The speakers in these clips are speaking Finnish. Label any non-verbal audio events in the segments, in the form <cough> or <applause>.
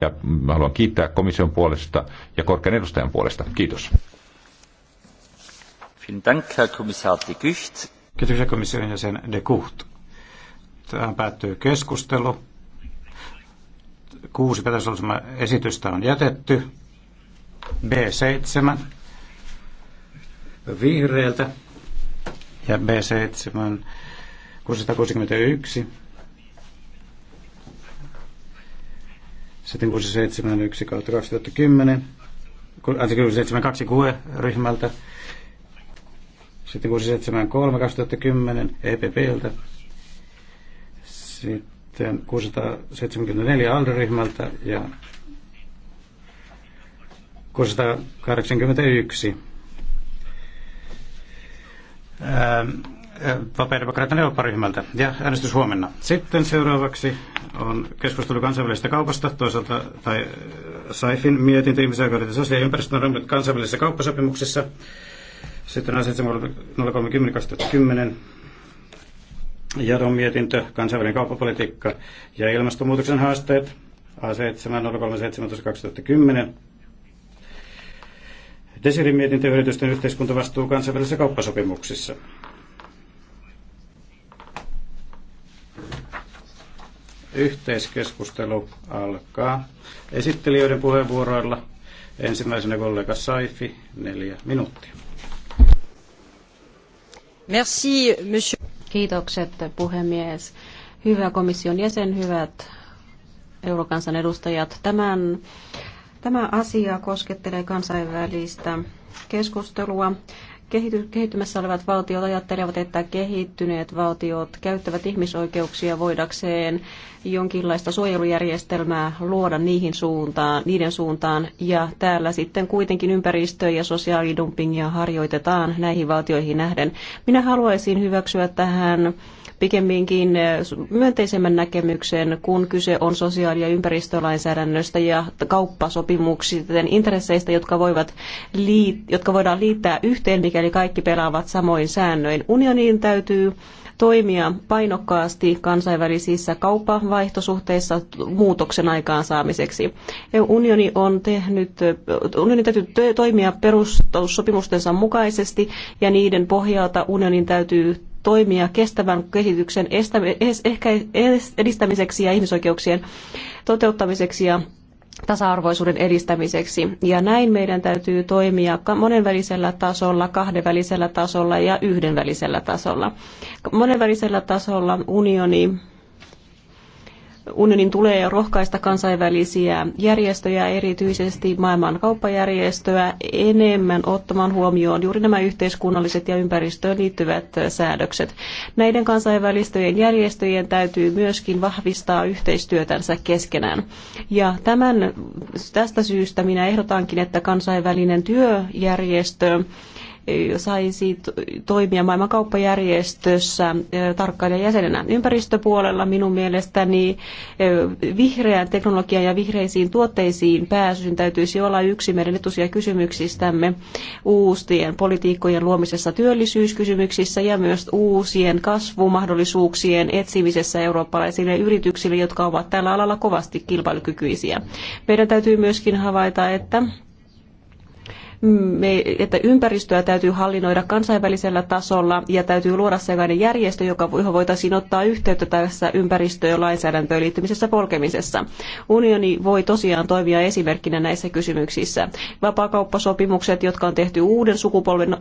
ja haluan kiittää komission puolesta ja korkean edustajan puolesta. Kiitos. Kiitoksia komission jäsen de Gucht. Tähän päättyy keskustelu. Kuusi päätösolosema esitystä on jätetty. B7 vihreältä ja B7 661 Sitten 671 kautta 2010, anteeksi QE ryhmältä. Sitten 673 2010 EPPltä. Sitten 674 ALDE-ryhmältä ja 681 ähm vapaa-demokraattinen ryhmältä ja äänestys huomenna. Sitten seuraavaksi on keskustelu kansainvälisestä kaupasta, toisaalta tai äh, Saifin mietintö ihmisoikeudet ja sosiaali- ja ympäristön rommut kansainvälisissä kauppasopimuksissa. Sitten on 7.030.2010 Jadon mietintö, kansainvälinen kauppapolitiikka ja ilmastonmuutoksen haasteet, A7.03.17.2010. Desirin mietintö yritysten yhteiskuntavastuu kansainvälisissä kauppasopimuksissa. Yhteiskeskustelu alkaa esittelijöiden puheenvuoroilla. Ensimmäisenä kollega Saifi, neljä minuuttia. Merci, monsieur. Kiitokset puhemies. Hyvä komission jäsen, hyvät eurokansan edustajat. Tämän, tämä asia koskettelee kansainvälistä keskustelua Kehity, kehittymässä olevat valtiot ajattelevat, että kehittyneet valtiot käyttävät ihmisoikeuksia voidakseen jonkinlaista suojelujärjestelmää luoda niihin suuntaan, niiden suuntaan. Ja täällä sitten kuitenkin ympäristö- ja sosiaalidumpingia harjoitetaan näihin valtioihin nähden. Minä haluaisin hyväksyä tähän pikemminkin eh, myönteisemmän näkemyksen, kun kyse on sosiaali- ja ympäristölainsäädännöstä ja kauppasopimuksista, intresseistä, jotka, voivat, jotka voidaan liittää yhteen, mikä mikäli kaikki pelaavat samoin säännöin. Unioniin täytyy toimia painokkaasti kansainvälisissä kauppavaihtosuhteissa muutoksen aikaansaamiseksi. E- unioni on tehnyt, unionin täytyy toimia perustussopimustensa mukaisesti ja niiden pohjalta unionin täytyy toimia kestävän kehityksen ehkä edistämiseksi ja ihmisoikeuksien toteuttamiseksi ja tasa-arvoisuuden edistämiseksi. Ja näin meidän täytyy toimia monenvälisellä tasolla, kahdenvälisellä tasolla ja yhdenvälisellä tasolla. Monenvälisellä tasolla unioni unionin tulee rohkaista kansainvälisiä järjestöjä, erityisesti maailman kauppajärjestöä, enemmän ottamaan huomioon juuri nämä yhteiskunnalliset ja ympäristöön liittyvät säädökset. Näiden kansainvälistöjen järjestöjen täytyy myöskin vahvistaa yhteistyötänsä keskenään. Ja tämän, tästä syystä minä ehdotankin, että kansainvälinen työjärjestö saisi toimia maailman kauppajärjestössä tarkkailijan jäsenenä. Ympäristöpuolella minun mielestäni vihreään teknologiaan ja vihreisiin tuotteisiin pääsyn täytyisi olla yksi meidän etusia kysymyksistämme uustien politiikkojen luomisessa työllisyyskysymyksissä ja myös uusien kasvumahdollisuuksien etsimisessä eurooppalaisille yrityksille, jotka ovat tällä alalla kovasti kilpailukykyisiä. Meidän täytyy myöskin havaita, että me, että ympäristöä täytyy hallinnoida kansainvälisellä tasolla ja täytyy luoda sellainen järjestö, joka voitaisiin ottaa yhteyttä tässä ympäristö- ja lainsäädäntöön liittymisessä polkemisessa. Unioni voi tosiaan toimia esimerkkinä näissä kysymyksissä. Vapaakauppasopimukset, jotka on tehty uuden sukupolven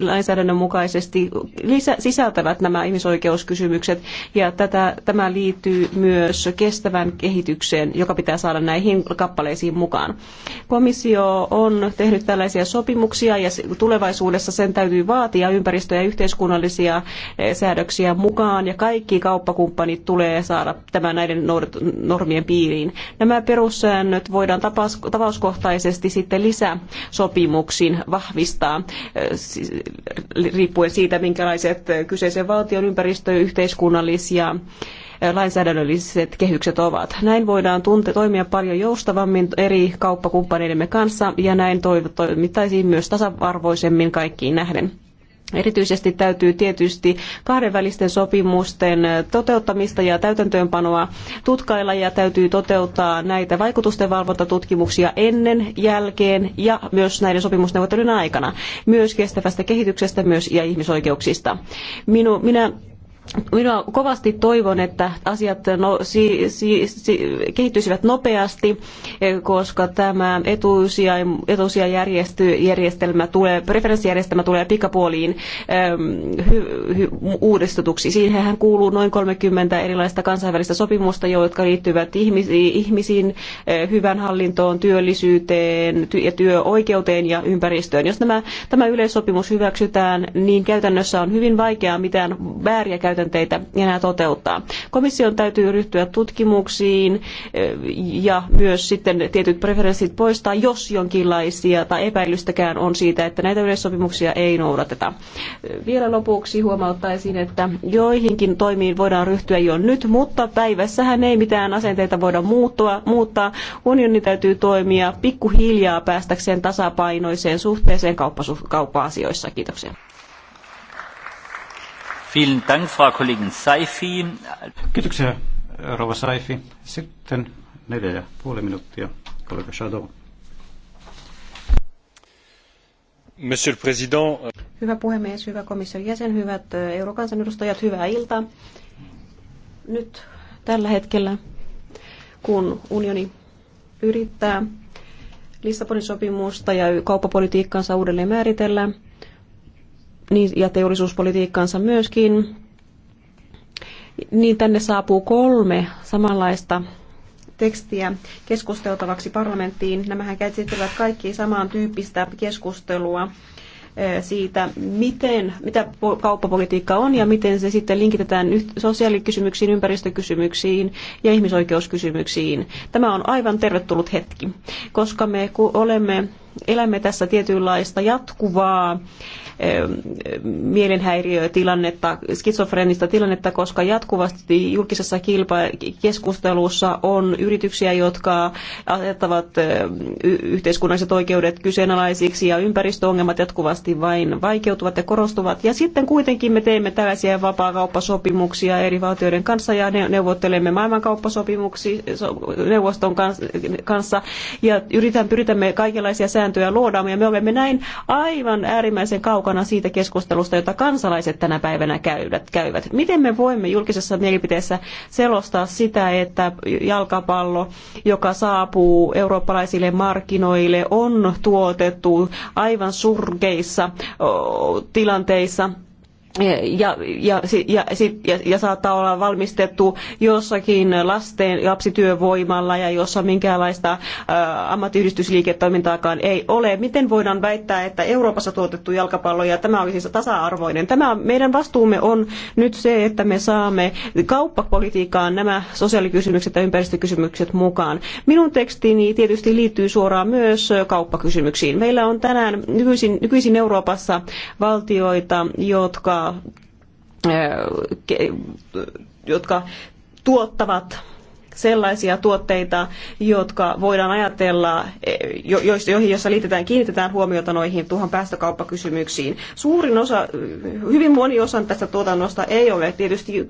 lainsäädännön mukaisesti, lisä, sisältävät nämä ihmisoikeuskysymykset ja tätä, tämä liittyy myös kestävän kehitykseen, joka pitää saada näihin kappaleisiin mukaan. Komissio on tehnyt tällaisia sopimuksia ja tulevaisuudessa sen täytyy vaatia ympäristö- ja yhteiskunnallisia eh, säädöksiä mukaan ja kaikki kauppakumppanit tulee saada tämän näiden normien piiriin. Nämä perussäännöt voidaan tapauskohtaisesti sitten lisäsopimuksin vahvistaa eh, riippuen siitä, minkälaiset eh, kyseisen valtion ympäristö- ja yhteiskunnallisia lainsäädännölliset kehykset ovat. Näin voidaan tunte, toimia paljon joustavammin eri kauppakumppaneidemme kanssa ja näin toimittaisiin myös tasa-arvoisemmin kaikkiin nähden. Erityisesti täytyy tietysti kahdenvälisten sopimusten toteuttamista ja täytäntöönpanoa tutkailla ja täytyy toteuttaa näitä vaikutusten valvontatutkimuksia ennen, jälkeen ja myös näiden sopimusneuvottelujen aikana. Myös kestävästä kehityksestä myös ja ihmisoikeuksista. Minu, minä minä kovasti toivon, että asiat no, si, si, si, kehittyisivät nopeasti, eh, koska tämä etusijajärjestelmä tulee, preferenssijärjestelmä tulee pikapuoliin hy, hy, uudistetuksi. Siihenhän kuuluu noin 30 erilaista kansainvälistä sopimusta, jotka liittyvät ihmisiin, ihmisiin eh, hyvän hallintoon, työllisyyteen ty, ja työoikeuteen ja ympäristöön. Jos nämä, tämä yleissopimus hyväksytään, niin käytännössä on hyvin vaikeaa mitään vääriä käytänteitä enää toteuttaa. Komission täytyy ryhtyä tutkimuksiin ja myös sitten tietyt preferenssit poistaa, jos jonkinlaisia tai epäilystäkään on siitä, että näitä yleissopimuksia ei noudateta. Vielä lopuksi huomauttaisin, että joihinkin toimiin voidaan ryhtyä jo nyt, mutta päivässähän ei mitään asenteita voida muuttua, muuttaa. Unionin täytyy toimia pikkuhiljaa päästäkseen tasapainoiseen suhteeseen kauppa-asioissa. Kiitoksia. Kiitoksia, rouva Saifi. Sitten neljä ja puoli minuuttia, kollega Shadow. Monsieur le Président. Euh, hyvä puhemies, hyvä komission jäsen, hyvät eurokansanedustajat, hyvää iltaa. Nyt tällä hetkellä, kun unioni yrittää Lissabonin sopimusta ja kauppapolitiikkaansa uudelleen määritellä, niin, ja teollisuuspolitiikkaansa myöskin, niin tänne saapuu kolme samanlaista tekstiä keskusteltavaksi parlamenttiin. Nämähän käsittelevät kaikki samantyyppistä keskustelua eh, siitä, miten, mitä kauppapolitiikka on ja miten se sitten linkitetään sosiaalikysymyksiin, ympäristökysymyksiin ja ihmisoikeuskysymyksiin. Tämä on aivan tervetullut hetki, koska me olemme elämme tässä tietynlaista jatkuvaa mielenhäiriötilannetta, skitsofrenista tilannetta, koska jatkuvasti julkisessa keskustelussa on yrityksiä, jotka asettavat yhteiskunnalliset oikeudet kyseenalaisiksi ja ympäristöongelmat jatkuvasti vain vaikeutuvat ja korostuvat. Ja sitten kuitenkin me teemme tällaisia vapaakauppasopimuksia eri valtioiden kanssa ja neuvottelemme maailmankauppasopimuksia neuvoston kanssa ja yritämme, pyritämme kaikenlaisia sääntöjä sääntöjä luodaan, ja me olemme näin aivan äärimmäisen kaukana siitä keskustelusta, jota kansalaiset tänä päivänä käyvät. Miten me voimme julkisessa mielipiteessä selostaa sitä, että jalkapallo, joka saapuu eurooppalaisille markkinoille, on tuotettu aivan surkeissa tilanteissa, ja, ja, ja, ja, ja saattaa olla valmistettu jossakin lasten lapsityövoimalla ja jossa minkäänlaista ammattiyhdistysliiketoimintaakaan ei ole. Miten voidaan väittää, että Euroopassa tuotettu jalkapallo ja tämä olisi siis tasa-arvoinen? Tämä meidän vastuumme on nyt se, että me saamme kauppapolitiikkaan nämä sosiaalikysymykset ja ympäristökysymykset mukaan. Minun tekstini tietysti liittyy suoraan myös kauppakysymyksiin. Meillä on tänään nykyisin, nykyisin Euroopassa valtioita, jotka Eh, jotka tuottavat sellaisia tuotteita, jotka voidaan ajatella, e, jo, joihin, jossa liitetään, kiinnitetään huomiota noihin tuohon päästökauppakysymyksiin. Suurin osa, hyvin moni osa tästä tuotannosta ei ole tietysti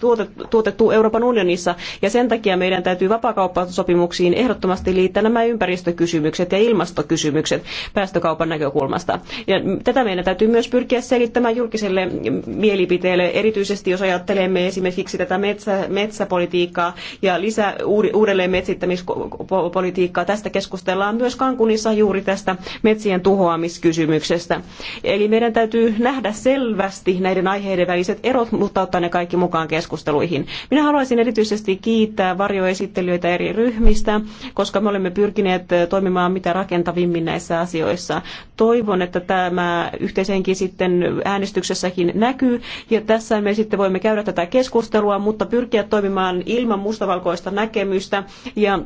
tuotettu, Euroopan unionissa, ja sen takia meidän täytyy vapaakauppasopimuksiin ehdottomasti liittää nämä ympäristökysymykset ja ilmastokysymykset päästökaupan näkökulmasta. Ja tätä meidän täytyy myös pyrkiä selittämään julkiselle mielipiteelle, erityisesti jos ajattelemme esimerkiksi tätä metsä, metsäpolitiikkaa ja lisää uudelleen metsittämispolitiikkaa. Tästä keskustellaan myös Kankunissa juuri tästä metsien tuhoamiskysymyksestä. Eli meidän täytyy nähdä selvästi näiden aiheiden väliset erot, mutta ottaa ne kaikki mukaan keskusteluihin. Minä haluaisin erityisesti kiittää varjoesittelijöitä eri ryhmistä, koska me olemme pyrkineet toimimaan mitä rakentavimmin näissä asioissa. Toivon, että tämä yhteisenkin sitten äänestyksessäkin näkyy, ja tässä me sitten voimme käydä tätä keskustelua, mutta pyrkiä toimimaan ilman mustavalkoista näkemystä näkemystä ja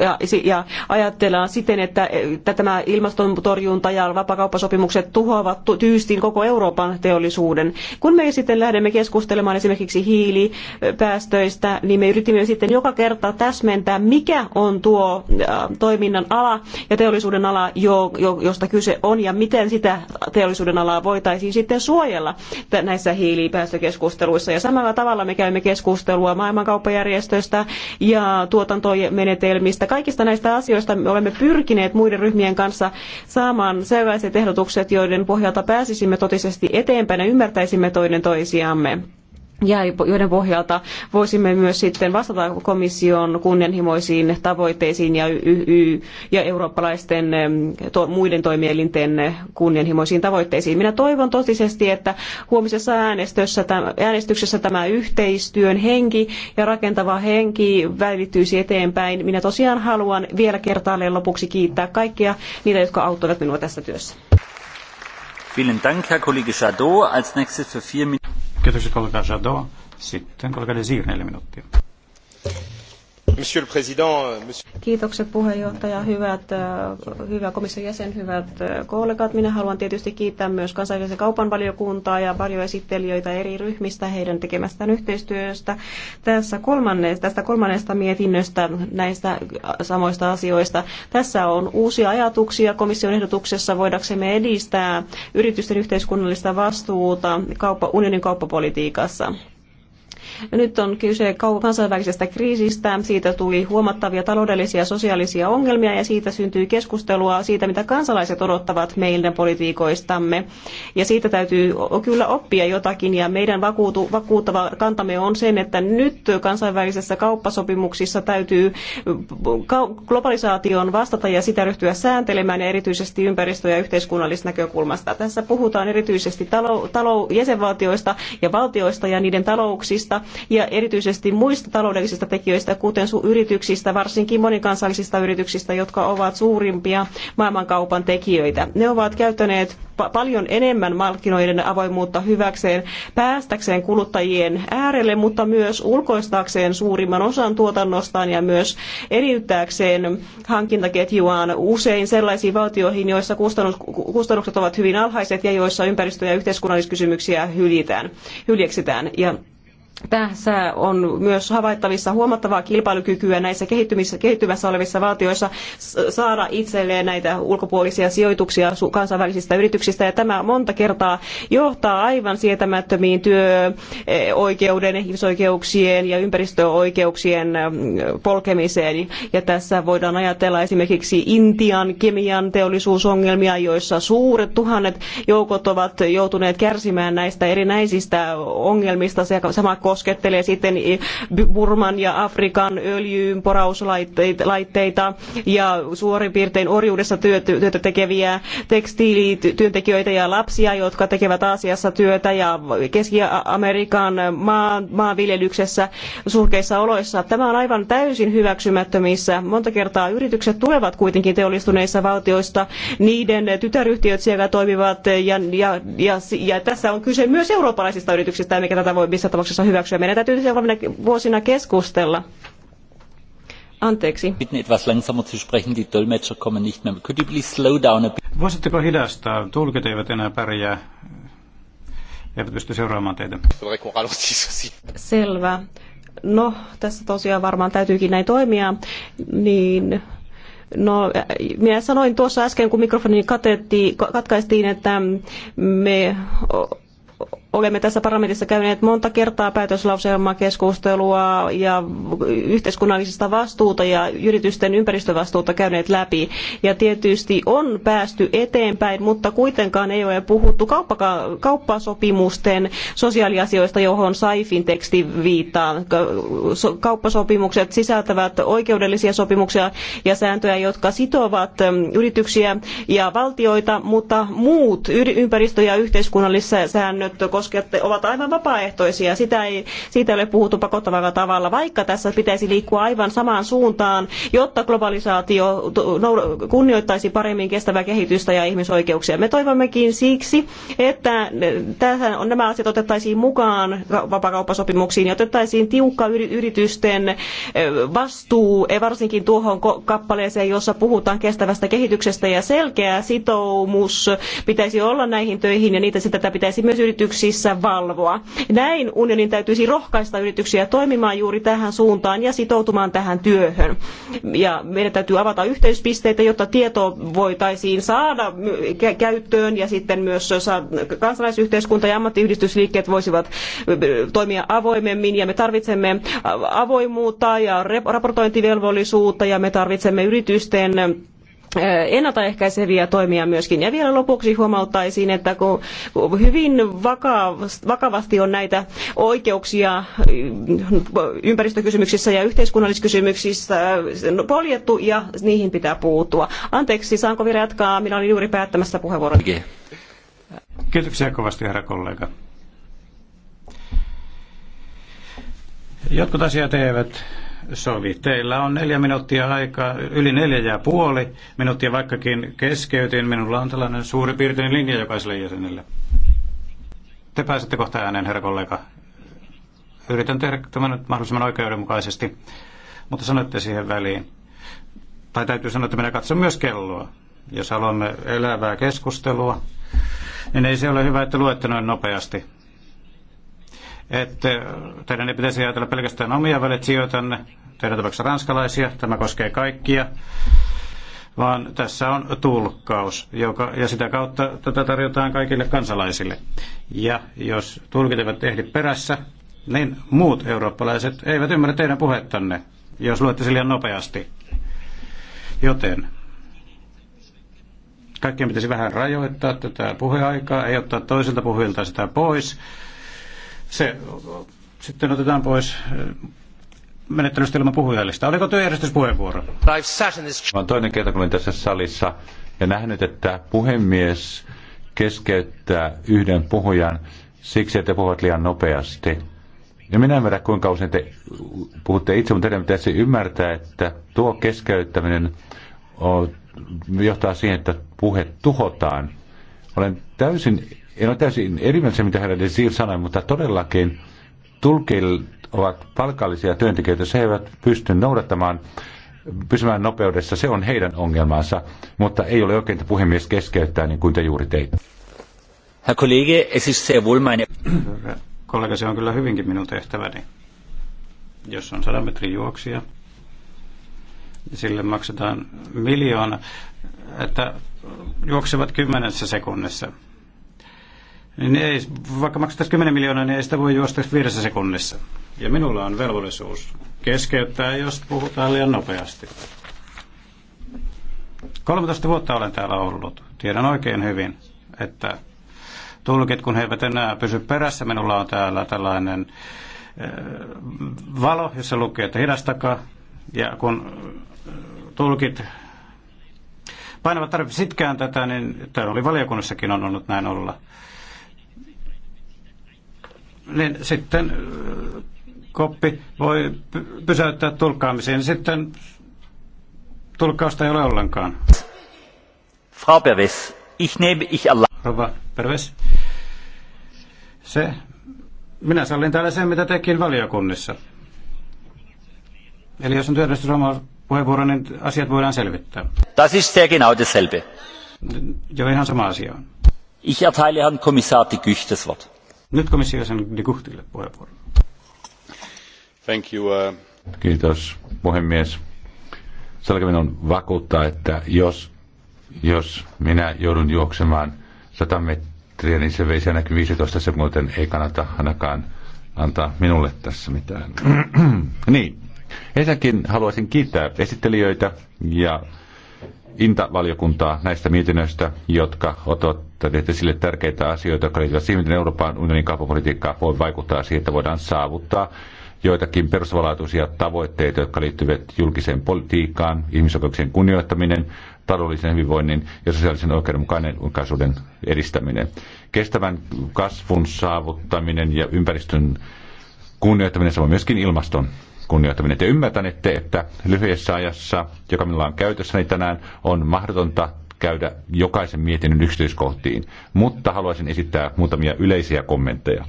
ja, ja ajatellaan siten, että, että tämä ilmastontorjunta ja vapakauppasopimukset tuhoavat tyystin koko Euroopan teollisuuden. Kun me sitten lähdemme keskustelemaan esimerkiksi hiilipäästöistä, niin me yritimme sitten joka kerta täsmentää, mikä on tuo äh, toiminnan ala ja teollisuuden ala, josta kyse on, ja miten sitä teollisuuden alaa voitaisiin sitten suojella näissä hiilipäästökeskusteluissa. Ja samalla tavalla me käymme keskustelua maailmankauppajärjestöstä ja tuotantojen menetelmistä. Kaikista näistä asioista me olemme pyrkineet muiden ryhmien kanssa saamaan sellaiset ehdotukset, joiden pohjalta pääsisimme totisesti eteenpäin ja ymmärtäisimme toinen toisiamme ja joiden pohjalta voisimme myös sitten vastata komission kunnianhimoisiin tavoitteisiin ja, ja eurooppalaisten to, muiden toimielinten kunnianhimoisiin tavoitteisiin. Minä toivon totisesti, että huomisessa äänestyksessä tämä yhteistyön henki ja rakentava henki välittyisi eteenpäin. Minä tosiaan haluan vielä kertaalleen lopuksi kiittää kaikkia niitä, jotka auttoivat minua tässä työssä. Vielen Dank, Herr Kollege Jadot. Als nächstes für vier Kiitoksia kollega Jadot. Sitten kollega Desir, neljä minuuttia. Monsieur le Président, euh, monsieur... Kiitokset puheenjohtaja, hyvät, äh, hyvä komission jäsen, hyvät äh, kollegat. Minä haluan tietysti kiittää myös kansainvälisen kaupan valiokuntaa ja varjoesittelijöitä eri ryhmistä heidän tekemästään yhteistyöstä tässä kolmanne, tästä kolmannesta mietinnöstä näistä samoista asioista. Tässä on uusia ajatuksia komission ehdotuksessa voidaksemme edistää yritysten yhteiskunnallista vastuuta kauppa, unionin kauppapolitiikassa nyt on kyse kansainvälisestä kriisistä, siitä tuli huomattavia taloudellisia ja sosiaalisia ongelmia ja siitä syntyy keskustelua siitä, mitä kansalaiset odottavat meidän politiikoistamme. Ja siitä täytyy kyllä oppia jotakin ja meidän vakuutu, vakuuttava kantamme on sen, että nyt kansainvälisissä kauppasopimuksissa täytyy globalisaation vastata ja sitä ryhtyä sääntelemään ja erityisesti ympäristö- ja yhteiskunnallisesta näkökulmasta. Tässä puhutaan erityisesti talou- jäsenvaltioista ja valtioista ja niiden talouksista ja erityisesti muista taloudellisista tekijöistä, kuten yrityksistä, varsinkin monikansallisista yrityksistä, jotka ovat suurimpia maailmankaupan tekijöitä. Ne ovat käyttäneet paljon enemmän markkinoiden avoimuutta hyväkseen päästäkseen kuluttajien äärelle, mutta myös ulkoistaakseen suurimman osan tuotannostaan ja myös eriyttääkseen hankintaketjuaan usein sellaisiin valtioihin, joissa kustannukset ovat hyvin alhaiset ja joissa ympäristö- ja yhteiskunnalliskysymyksiä hyljitään, hyljeksitään. Ja tässä on myös havaittavissa huomattavaa kilpailukykyä näissä kehittymässä olevissa valtioissa saada itselleen näitä ulkopuolisia sijoituksia kansainvälisistä yrityksistä. Ja tämä monta kertaa johtaa aivan sietämättömiin työoikeuden, e, ihmisoikeuksien ja ympäristöoikeuksien polkemiseen. Ja tässä voidaan ajatella esimerkiksi Intian kemian teollisuusongelmia, joissa suuret tuhannet joukot ovat joutuneet kärsimään näistä erinäisistä ongelmista. sama koskettelee sitten Burman ja Afrikan porauslaitteita ja suorin piirtein orjuudessa työtä tekeviä tekstiilityöntekijöitä ja lapsia, jotka tekevät Aasiassa työtä ja Keski-Amerikan maanviljelyksessä surkeissa oloissa. Tämä on aivan täysin hyväksymättömissä. Monta kertaa yritykset tulevat kuitenkin teollistuneissa valtioista, niiden tytäryhtiöt siellä toimivat ja, ja, ja, ja tässä on kyse myös eurooppalaisista yrityksistä, mikä tätä voi missään tapauksessa hyväksyä hyväksyä. Meidän täytyy seuraavina vuosina keskustella. Anteeksi. Bitten etwas langsamer zu sprechen, die Dolmetscher kommen nicht mehr. Could you please slow down a bit? Voisitteko hidastaa? Tulkit eivät enää pärjää. Eivät pysty seuraamaan teitä. Selvä. No, tässä tosiaan varmaan täytyykin näin toimia. Niin, No, minä sanoin tuossa äsken, kun mikrofoni katettiin, katkaistiin, että me olemme tässä parlamentissa käyneet monta kertaa päätöslauselmakeskustelua ja yhteiskunnallisista vastuuta ja yritysten ympäristövastuuta käyneet läpi. Ja tietysti on päästy eteenpäin, mutta kuitenkaan ei ole puhuttu kauppaka- kauppasopimusten sosiaaliasioista, johon Saifin teksti viittaa. Kauppasopimukset sisältävät oikeudellisia sopimuksia ja sääntöjä, jotka sitovat yrityksiä ja valtioita, mutta muut ympäristö- ja yhteiskunnalliset säännöt koskevat ovat aivan vapaaehtoisia. Sitä ei, siitä ei ole puhuttu pakottavalla tavalla, vaikka tässä pitäisi liikkua aivan samaan suuntaan, jotta globalisaatio kunnioittaisi paremmin kestävää kehitystä ja ihmisoikeuksia. Me toivommekin siksi, että tähän, nämä asiat otettaisiin mukaan vapakauppasopimuksiin ja otettaisiin tiukka yritysten vastuu, e, varsinkin tuohon kappaleeseen, jossa puhutaan kestävästä kehityksestä ja selkeä sitoumus pitäisi olla näihin töihin ja niitä sitä pitäisi myös yrityksiä yrityksissä valvoa. Näin unionin täytyisi rohkaista yrityksiä toimimaan juuri tähän suuntaan ja sitoutumaan tähän työhön. Ja meidän täytyy avata yhteyspisteitä, jotta tieto voitaisiin saada käyttöön ja sitten myös kansalaisyhteiskunta ja ammattiyhdistysliikkeet voisivat toimia avoimemmin ja me tarvitsemme avoimuutta ja raportointivelvollisuutta ja me tarvitsemme yritysten ennaltaehkäiseviä toimia myöskin. Ja vielä lopuksi huomauttaisin, että kun hyvin vakavasti on näitä oikeuksia ympäristökysymyksissä ja yhteiskunnallisissa kysymyksissä poljettu ja niihin pitää puuttua. Anteeksi, saanko vielä jatkaa? Minä olin juuri päättämässä puheenvuoron. Kiitoksia kovasti, herra kollega. Jotkut asiat eivät sovi. Teillä on neljä minuuttia aikaa, yli neljä ja puoli minuuttia, vaikkakin keskeytin. Minulla on tällainen suuri piirteinen linja jokaiselle jäsenelle. Te pääsette kohta ääneen, herra kollega. Yritän tehdä tämän nyt mahdollisimman oikeudenmukaisesti, mutta sanotte siihen väliin. Tai täytyy sanoa, että minä katson myös kelloa. Jos haluamme elävää keskustelua, niin ei se ole hyvä, että luette noin nopeasti että teidän ei pitäisi ajatella pelkästään omia valitsijoitanne, teidän tapauksessa ranskalaisia, tämä koskee kaikkia, vaan tässä on tulkkaus, joka, ja sitä kautta tätä tarjotaan kaikille kansalaisille. Ja jos tulkit eivät ehdi perässä, niin muut eurooppalaiset eivät ymmärrä teidän puhettanne, jos luette liian nopeasti. Joten kaikkien pitäisi vähän rajoittaa tätä puheaikaa, ei ottaa toisilta puhujilta sitä pois, se sitten otetaan pois äh, menettelystä ilman puhujallista. Oliko työjärjestyspuheenvuoro? Olen toinen kerta, kun olen tässä salissa ja nähnyt, että puhemies keskeyttää yhden puhujan siksi, että puhuvat liian nopeasti. Ja minä en tiedä, kuinka usein te puhutte itse, mutta teidän pitäisi ymmärtää, että tuo keskeyttäminen johtaa siihen, että puhe tuhotaan. Olen täysin en ole täysin eri mieltä mitä herra Desir sanoi, mutta todellakin tulkeilla ovat palkallisia työntekijöitä, se eivät pysty noudattamaan pysymään nopeudessa, se on heidän ongelmansa, mutta ei ole oikein, että puhemies keskeyttää niin kuin te juuri teitte. Herr Kollege, es ist sehr wohl meine... Kollega, se on kyllä hyvinkin minun tehtäväni. Jos on 100 metrin juoksija, sille maksetaan miljoona, että juoksevat kymmenessä sekunnissa niin ei, vaikka maksettaisiin 10 miljoonaa, niin ei sitä voi juosta viidessä sekunnissa. Ja minulla on velvollisuus keskeyttää, jos puhutaan liian nopeasti. 13 vuotta olen täällä ollut. Tiedän oikein hyvin, että tulkit, kun he eivät enää pysy perässä, minulla on täällä tällainen eh, valo, jossa lukee, että hidastakaa. Ja kun eh, tulkit painavat tarpeeksi sitkään tätä, niin täällä oli valiokunnassakin on ollut näin olla niin sitten koppi voi pysäyttää tulkkaamisen. Sitten tulkkausta ei ole ollenkaan. Frau Perves, ich nehme ich Allah. Rova Perves, se, minä sallin täällä sen, mitä tekin valiokunnissa. Eli jos on oma puheenvuoro, niin asiat voidaan selvittää. Das ist sehr genau dasselbe. Joo, ihan sama asia on. Ich erteile Herrn Kommissar die Gücht das Wort. Nyt komissio sen Guhtille puheenvuoron. Thank you, uh... Kiitos, puhemies. Salka minun vakuuttaa, että jos, jos minä joudun juoksemaan 100 metriä, niin se veisi ainakin 15 sekuntia. Ei kannata ainakaan antaa minulle tässä mitään. <clears throat> niin. Ensinnäkin haluaisin kiittää esittelijöitä ja Inta-valiokuntaa näistä mietinnöistä, jotka ottavat esille tärkeitä asioita, jotka liittyvät siihen, miten Euroopan unionin kauppapolitiikkaa voi vaikuttaa siihen, että voidaan saavuttaa joitakin perustavanlaatuisia tavoitteita, jotka liittyvät julkiseen politiikkaan, ihmisoikeuksien kunnioittaminen, taloudellisen hyvinvoinnin ja sosiaalisen oikeudenmukaisuuden edistäminen. Kestävän kasvun saavuttaminen ja ympäristön kunnioittaminen, samoin myöskin ilmaston kunnioittaminen. Te ymmärtänette, että lyhyessä ajassa, joka minulla on käytössäni tänään, on mahdotonta käydä jokaisen mietinnön yksityiskohtiin, mutta haluaisin esittää muutamia yleisiä kommentteja.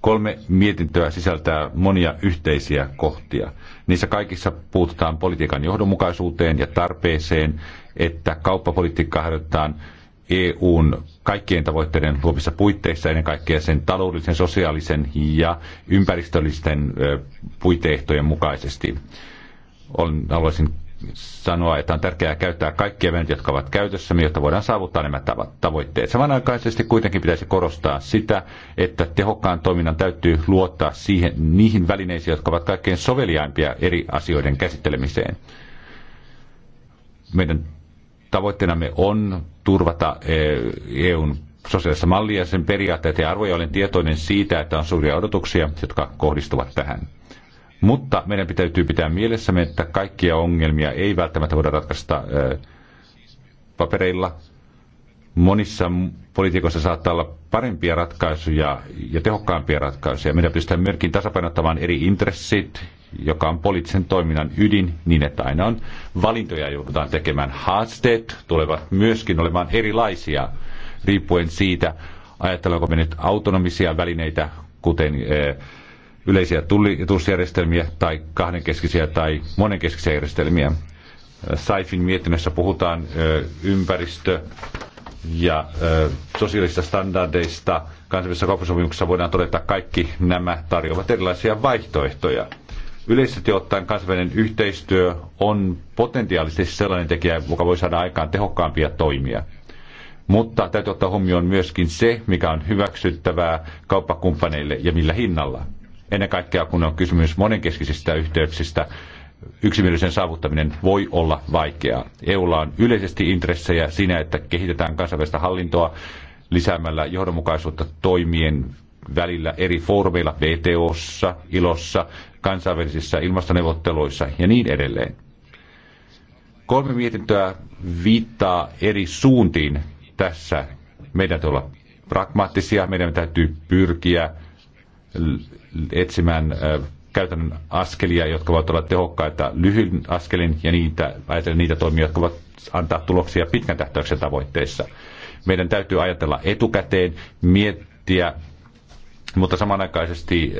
Kolme mietintöä sisältää monia yhteisiä kohtia. Niissä kaikissa puututaan politiikan johdonmukaisuuteen ja tarpeeseen, että kauppapolitiikkaa harjoitetaan EUn kaikkien tavoitteiden luomissa puitteissa, ennen kaikkea sen taloudellisen, sosiaalisen ja ympäristöllisten puiteehtojen mukaisesti. Olen, haluaisin sanoa, että on tärkeää käyttää kaikkia veneitä, jotka ovat käytössä, jotta voidaan saavuttaa nämä tavoitteet. Samanaikaisesti kuitenkin pitäisi korostaa sitä, että tehokkaan toiminnan täytyy luottaa siihen, niihin välineisiin, jotka ovat kaikkein soveliaimpia eri asioiden käsittelemiseen. Meidän tavoitteenamme on turvata e, EUn sosiaalista mallia, sen periaatteet ja arvoja. Olen tietoinen siitä, että on suuria odotuksia, jotka kohdistuvat tähän. Mutta meidän täytyy pitää mielessämme, että kaikkia ongelmia ei välttämättä voida ratkaista e, papereilla. Monissa poliitikoissa saattaa olla parempia ratkaisuja ja tehokkaampia ratkaisuja. Meidän pystytään myöskin tasapainottamaan eri intressit joka on poliittisen toiminnan ydin, niin että aina on valintoja joudutaan tekemään. Haasteet tulevat myöskin olemaan erilaisia riippuen siitä, ajatellaanko me nyt autonomisia välineitä, kuten eh, yleisiä tullitusjärjestelmiä tai kahdenkeskisiä tai monenkeskisiä järjestelmiä. Saifin mietinnössä puhutaan eh, ympäristö- ja eh, sosiaalisista standardeista. Kansainvälisessä kauppasopimuksessa voidaan todeta, että kaikki nämä tarjoavat erilaisia vaihtoehtoja Yleisesti ottaen kansainvälinen yhteistyö on potentiaalisesti sellainen tekijä, joka voi saada aikaan tehokkaampia toimia. Mutta täytyy ottaa huomioon myöskin se, mikä on hyväksyttävää kauppakumppaneille ja millä hinnalla. Ennen kaikkea, kun on kysymys monenkeskisistä yhteyksistä, yksimielisen saavuttaminen voi olla vaikeaa. EUlla on yleisesti intressejä siinä, että kehitetään kansainvälistä hallintoa lisäämällä johdonmukaisuutta toimien välillä eri foorumeilla, VTOssa, ILOssa, kansainvälisissä ilmastoneuvotteluissa ja niin edelleen. Kolme mietintöä viittaa eri suuntiin tässä. Meidän täytyy olla pragmaattisia, meidän täytyy pyrkiä etsimään käytännön askelia, jotka voivat olla tehokkaita lyhyin askelin ja niitä, ajatella niitä toimia, jotka voivat antaa tuloksia pitkän tähtäyksen tavoitteissa. Meidän täytyy ajatella etukäteen, miettiä, mutta samanaikaisesti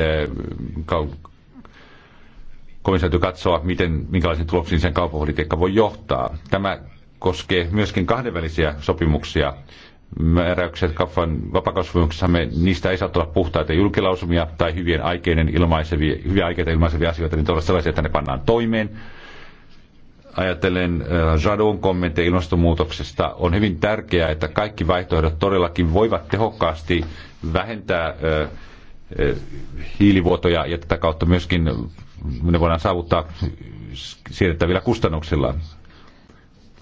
kovin täytyy katsoa, miten, minkälaisen tuloksiin sen kauppapolitiikka voi johtaa. Tämä koskee myöskin kahdenvälisiä sopimuksia. Määräykset kaupan me niistä ei saa tulla puhtaita julkilausumia tai hyvien aikeiden ilmaisevia, hyviä aikeita ilmaisevia asioita, niin olla sellaisia, että ne pannaan toimeen. Ajattelen äh, Jadon kommentteja ilmastonmuutoksesta. On hyvin tärkeää, että kaikki vaihtoehdot todellakin voivat tehokkaasti vähentää äh, hiilivuotoja ja tätä kautta myöskin ne voidaan saavuttaa siirrettävillä kustannuksilla.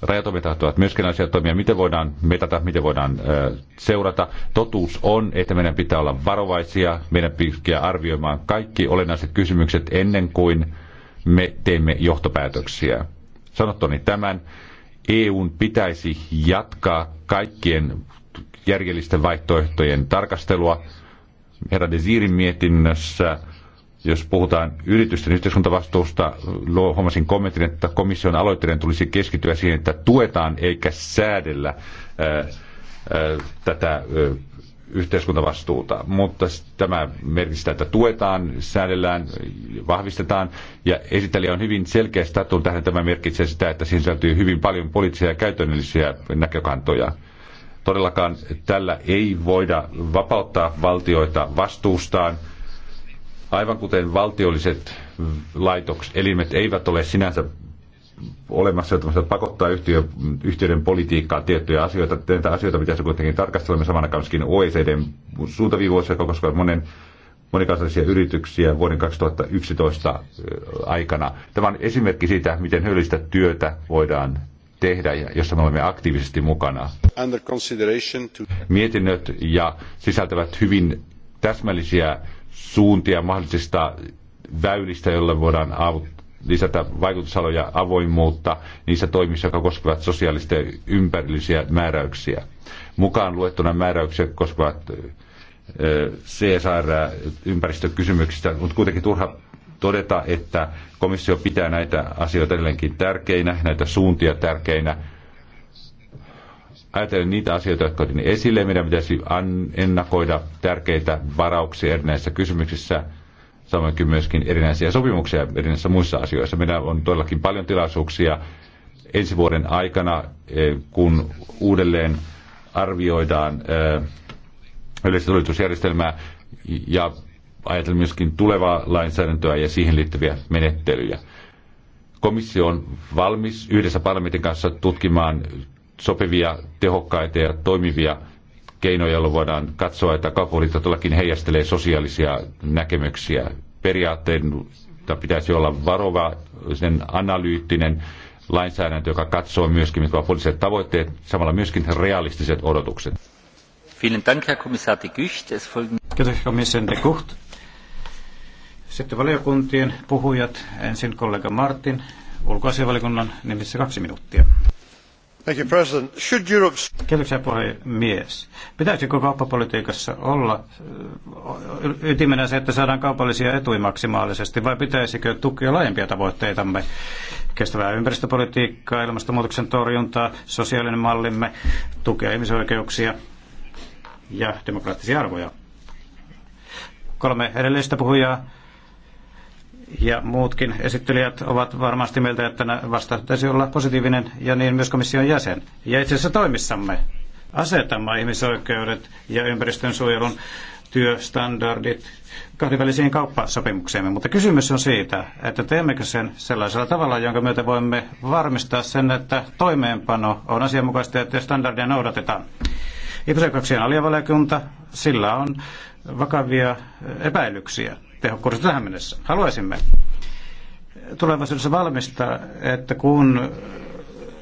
Rajatoimintahat ovat myöskin asia toimia, miten voidaan metata, miten voidaan seurata. Totuus on, että meidän pitää olla varovaisia, meidän pitää arvioimaan kaikki olennaiset kysymykset ennen kuin me teemme johtopäätöksiä. Sanottoni tämän, EUn pitäisi jatkaa kaikkien järjellisten vaihtoehtojen tarkastelua herra Desirin mietinnössä, jos puhutaan yritysten yhteiskuntavastuusta, huomasin kommentin, että komission aloitteiden tulisi keskittyä siihen, että tuetaan eikä säädellä ää, äh, ää, äh, tätä ää, yhteiskuntavastuuta. Mutta tämä merkitsee, että tuetaan, säädellään, vahvistetaan. Ja esittelijä on hyvin selkeästi tarttunut tähän. Tämä merkitsee sitä, että siinä sisältyy hyvin paljon poliittisia ja käytännöllisiä näkökantoja Todellakaan tällä ei voida vapauttaa valtioita vastuustaan. Aivan kuten valtiolliset laitokset, elimet eivät ole sinänsä olemassa, että pakottaa yhtiö, yhtiöiden politiikkaa tiettyjä asioita. Tätä asioita pitäisi kuitenkin tarkastella. Me samana kanssakin OECDn suuntaviivoissa, koska monen monikansallisia yrityksiä vuoden 2011 aikana. Tämä on esimerkki siitä, miten höllistä työtä voidaan tehdä ja jossa me olemme aktiivisesti mukana. Mietinnöt ja sisältävät hyvin täsmällisiä suuntia mahdollisista väylistä, joilla voidaan lisätä vaikutusaloja avoimuutta niissä toimissa, jotka koskevat sosiaalista ja ympärillisiä määräyksiä. Mukaan luettuna määräyksiä koskevat CSR ympäristökysymyksistä, mutta kuitenkin turha todeta, että komissio pitää näitä asioita edelleenkin tärkeinä, näitä suuntia tärkeinä. Ajatellen niitä asioita, jotka otin esille, meidän pitäisi ennakoida tärkeitä varauksia erinäisissä kysymyksissä, samoin kuin myöskin erinäisiä sopimuksia erinäisissä muissa asioissa. Meillä on todellakin paljon tilaisuuksia ensi vuoden aikana, e, kun uudelleen arvioidaan e, yleistä ja ajatellen myöskin tulevaa lainsäädäntöä ja siihen liittyviä menettelyjä. Komissio on valmis yhdessä parlamentin kanssa tutkimaan sopivia, tehokkaita ja toimivia keinoja, joilla voidaan katsoa, että kaupallista todellakin heijastelee sosiaalisia näkemyksiä. Periaatteen pitäisi olla varova, sen analyyttinen lainsäädäntö, joka katsoo myöskin, mitkä ovat poliittiset tavoitteet, samalla myöskin realistiset odotukset. Vielen Dank, Herr Kommissar de Gucht. Es folgen... Kiitos komission de Gucht. Sitten valiokuntien puhujat. Ensin kollega Martin, ulkoasianvalikunnan nimissä kaksi minuuttia. Thank you, President. Should Europe... Kiitoksia puhemies. Pitäisikö kauppapolitiikassa olla ytimenä se, että saadaan kaupallisia etuja maksimaalisesti, vai pitäisikö tukea laajempia tavoitteitamme? Kestävää ympäristöpolitiikkaa, ilmastonmuutoksen torjuntaa, sosiaalinen mallimme, tukea ihmisoikeuksia ja demokraattisia arvoja. Kolme edellistä puhujaa ja muutkin esittelijät ovat varmasti mieltä, että vasta pitäisi olla positiivinen ja niin myös komission jäsen. Ja itse asiassa toimissamme asetamme ihmisoikeudet ja ympäristön suojelun työstandardit kahdenvälisiin kauppasopimukseemme, mutta kysymys on siitä, että teemmekö sen sellaisella tavalla, jonka myötä voimme varmistaa sen, että toimeenpano on asianmukaista ja standardia noudatetaan. Ihmisoikeuksien aliavaliokunta, sillä on vakavia epäilyksiä tehokkuudesta tähän mennessä. Haluaisimme tulevaisuudessa valmistaa, että kun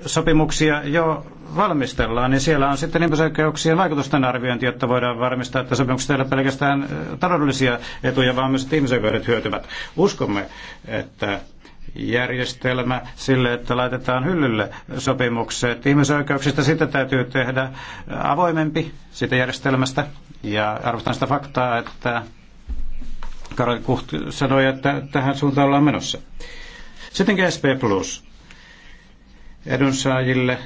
sopimuksia jo valmistellaan, niin siellä on sitten ihmisoikeuksien vaikutusten arviointi, jotta voidaan varmistaa, että sopimukset ei ole pelkästään taloudellisia etuja, vaan myös, ihmisoikeudet hyötyvät. Uskomme, että järjestelmä sille, että laitetaan hyllylle sopimukset ihmisoikeuksista. Sitä täytyy tehdä avoimempi siitä järjestelmästä. Ja arvostan sitä faktaa, että Karel Kuht sanoi, että tähän suuntaan ollaan menossa. Sitten SP Plus. Edunsaajille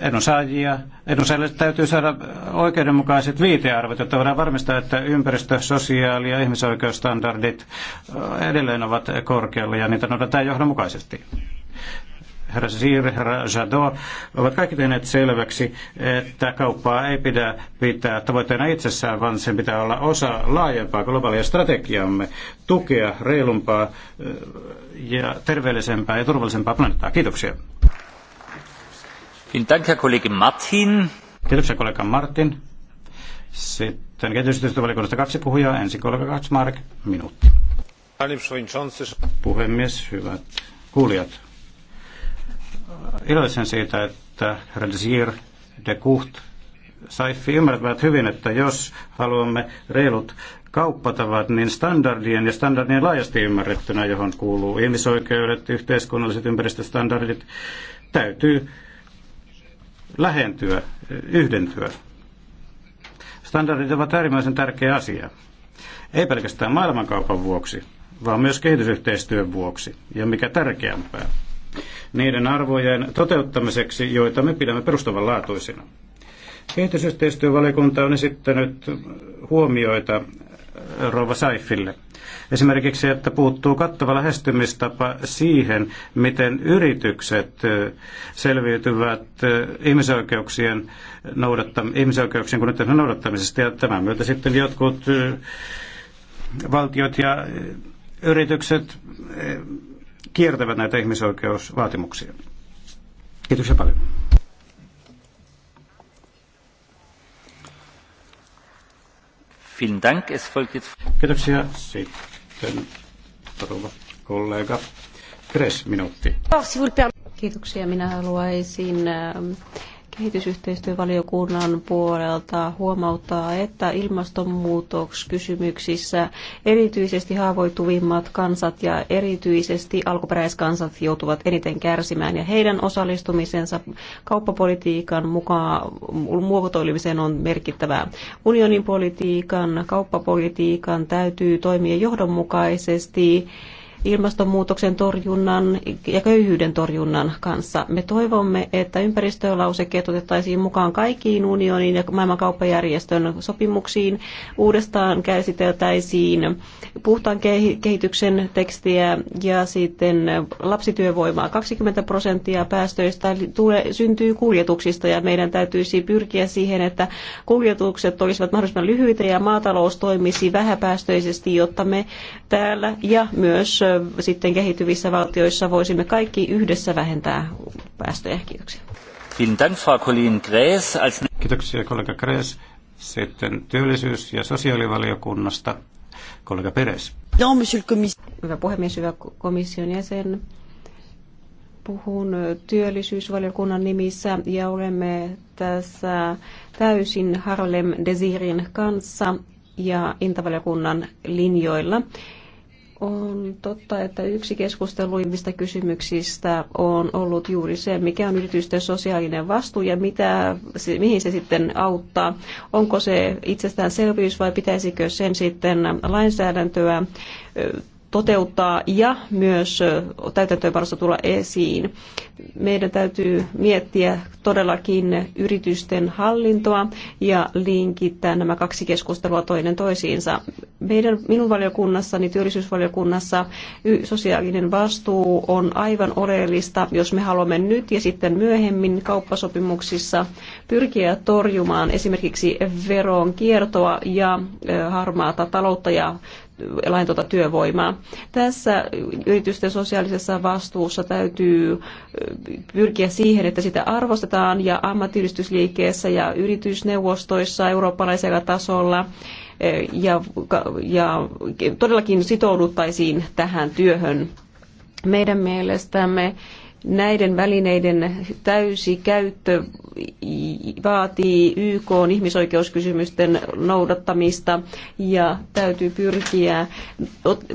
edunsaajia. Edunsaajille täytyy saada oikeudenmukaiset viitearvot, jotta voidaan varmistaa, että ympäristö-, sosiaali- ja ihmisoikeusstandardit edelleen ovat korkealla ja niitä noudatetaan johdonmukaisesti herra Zir, herra Jadot, ovat kaikki tehneet selväksi, että kauppaa ei pidä pitää tavoitteena itsessään, vaan sen pitää olla osa laajempaa globaalia strategiamme, tukea reilumpaa ja terveellisempää ja turvallisempaa planeettaa. Kiitoksia. Kiitoksia kollega Martin. Kiitoksia kollega Martin. Sitten kehitysyhteistyövaliokunnasta kaksi puhujaa. Ensin kollega Katsmark, minuutti. Puhemies, hyvät kuulijat iloisen siitä, että Renzier de Kuht Saifi ymmärtävät hyvin, että jos haluamme reilut kauppatavat, niin standardien ja standardien laajasti ymmärrettynä, johon kuuluu ihmisoikeudet, yhteiskunnalliset ympäristöstandardit, täytyy lähentyä, yhdentyä. Standardit ovat äärimmäisen tärkeä asia. Ei pelkästään maailmankaupan vuoksi, vaan myös kehitysyhteistyön vuoksi, ja mikä tärkeämpää, niiden arvojen toteuttamiseksi, joita me pidämme perustavanlaatuisina. Kehitysyhteistyövaliokunta on esittänyt huomioita Rova Saifille. Esimerkiksi, että puuttuu kattava lähestymistapa siihen, miten yritykset selviytyvät ihmisoikeuksien, noudattam- ihmisoikeuksien noudattamisesta ja tämän myötä sitten jotkut valtiot ja yritykset kiertävät näitä ihmisoikeusvaatimuksia. Kiitoksia paljon. Vielen Dank. Es folgt jetzt... Kiitoksia. Sitten rouva kollega Kres, minuutti. Kiitoksia. Minä haluaisin ähm, kehitysyhteistyövaliokunnan puolelta huomauttaa, että ilmastonmuutoskysymyksissä erityisesti haavoittuvimmat kansat ja erityisesti alkuperäiskansat joutuvat eniten kärsimään ja heidän osallistumisensa kauppapolitiikan mukaan muotoilemiseen on merkittävää. Unionin politiikan, kauppapolitiikan täytyy toimia johdonmukaisesti ilmastonmuutoksen torjunnan ja köyhyyden torjunnan kanssa. Me toivomme, että ympäristölauseket otettaisiin mukaan kaikkiin unionin ja maailmankauppajärjestön sopimuksiin. Uudestaan käsiteltäisiin puhtaan kehityksen tekstiä ja sitten lapsityövoimaa. 20 prosenttia päästöistä tule, syntyy kuljetuksista ja meidän täytyisi pyrkiä siihen, että kuljetukset olisivat mahdollisimman lyhyitä ja maatalous toimisi vähäpäästöisesti, jotta me täällä ja myös sitten kehittyvissä valtioissa voisimme kaikki yhdessä vähentää päästöjä. Kiitoksia. Kiitoksia kollega Krees. Sitten työllisyys- ja sosiaalivaliokunnasta kollega Peres. No, hyvä puhemies, hyvä komission jäsen. Puhun työllisyysvaliokunnan nimissä ja olemme tässä täysin Harlem Desirin kanssa ja intavaliokunnan linjoilla. On totta, että yksi keskusteluimmista kysymyksistä on ollut juuri se, mikä on yritysten sosiaalinen vastuu ja mitä, mihin se sitten auttaa. Onko se itsestäänselvyys vai pitäisikö sen sitten lainsäädäntöä toteuttaa ja myös täytäntöönpanossa tulla esiin. Meidän täytyy miettiä todellakin yritysten hallintoa ja linkittää nämä kaksi keskustelua toinen toisiinsa. Meidän, minun valiokunnassani, työllisyysvaliokunnassa, sosiaalinen vastuu on aivan oleellista, jos me haluamme nyt ja sitten myöhemmin kauppasopimuksissa pyrkiä torjumaan esimerkiksi veron kiertoa ja harmaata taloutta ja tuota työvoimaa. Tässä yritysten sosiaalisessa vastuussa täytyy pyrkiä siihen, että sitä arvostetaan ja ammattiyhdistysliikkeessä ja yritysneuvostoissa eurooppalaisella tasolla ja, ja todellakin sitouduttaisiin tähän työhön. Meidän mielestämme Näiden välineiden täysi käyttö vaatii YK ihmisoikeuskysymysten noudattamista ja täytyy pyrkiä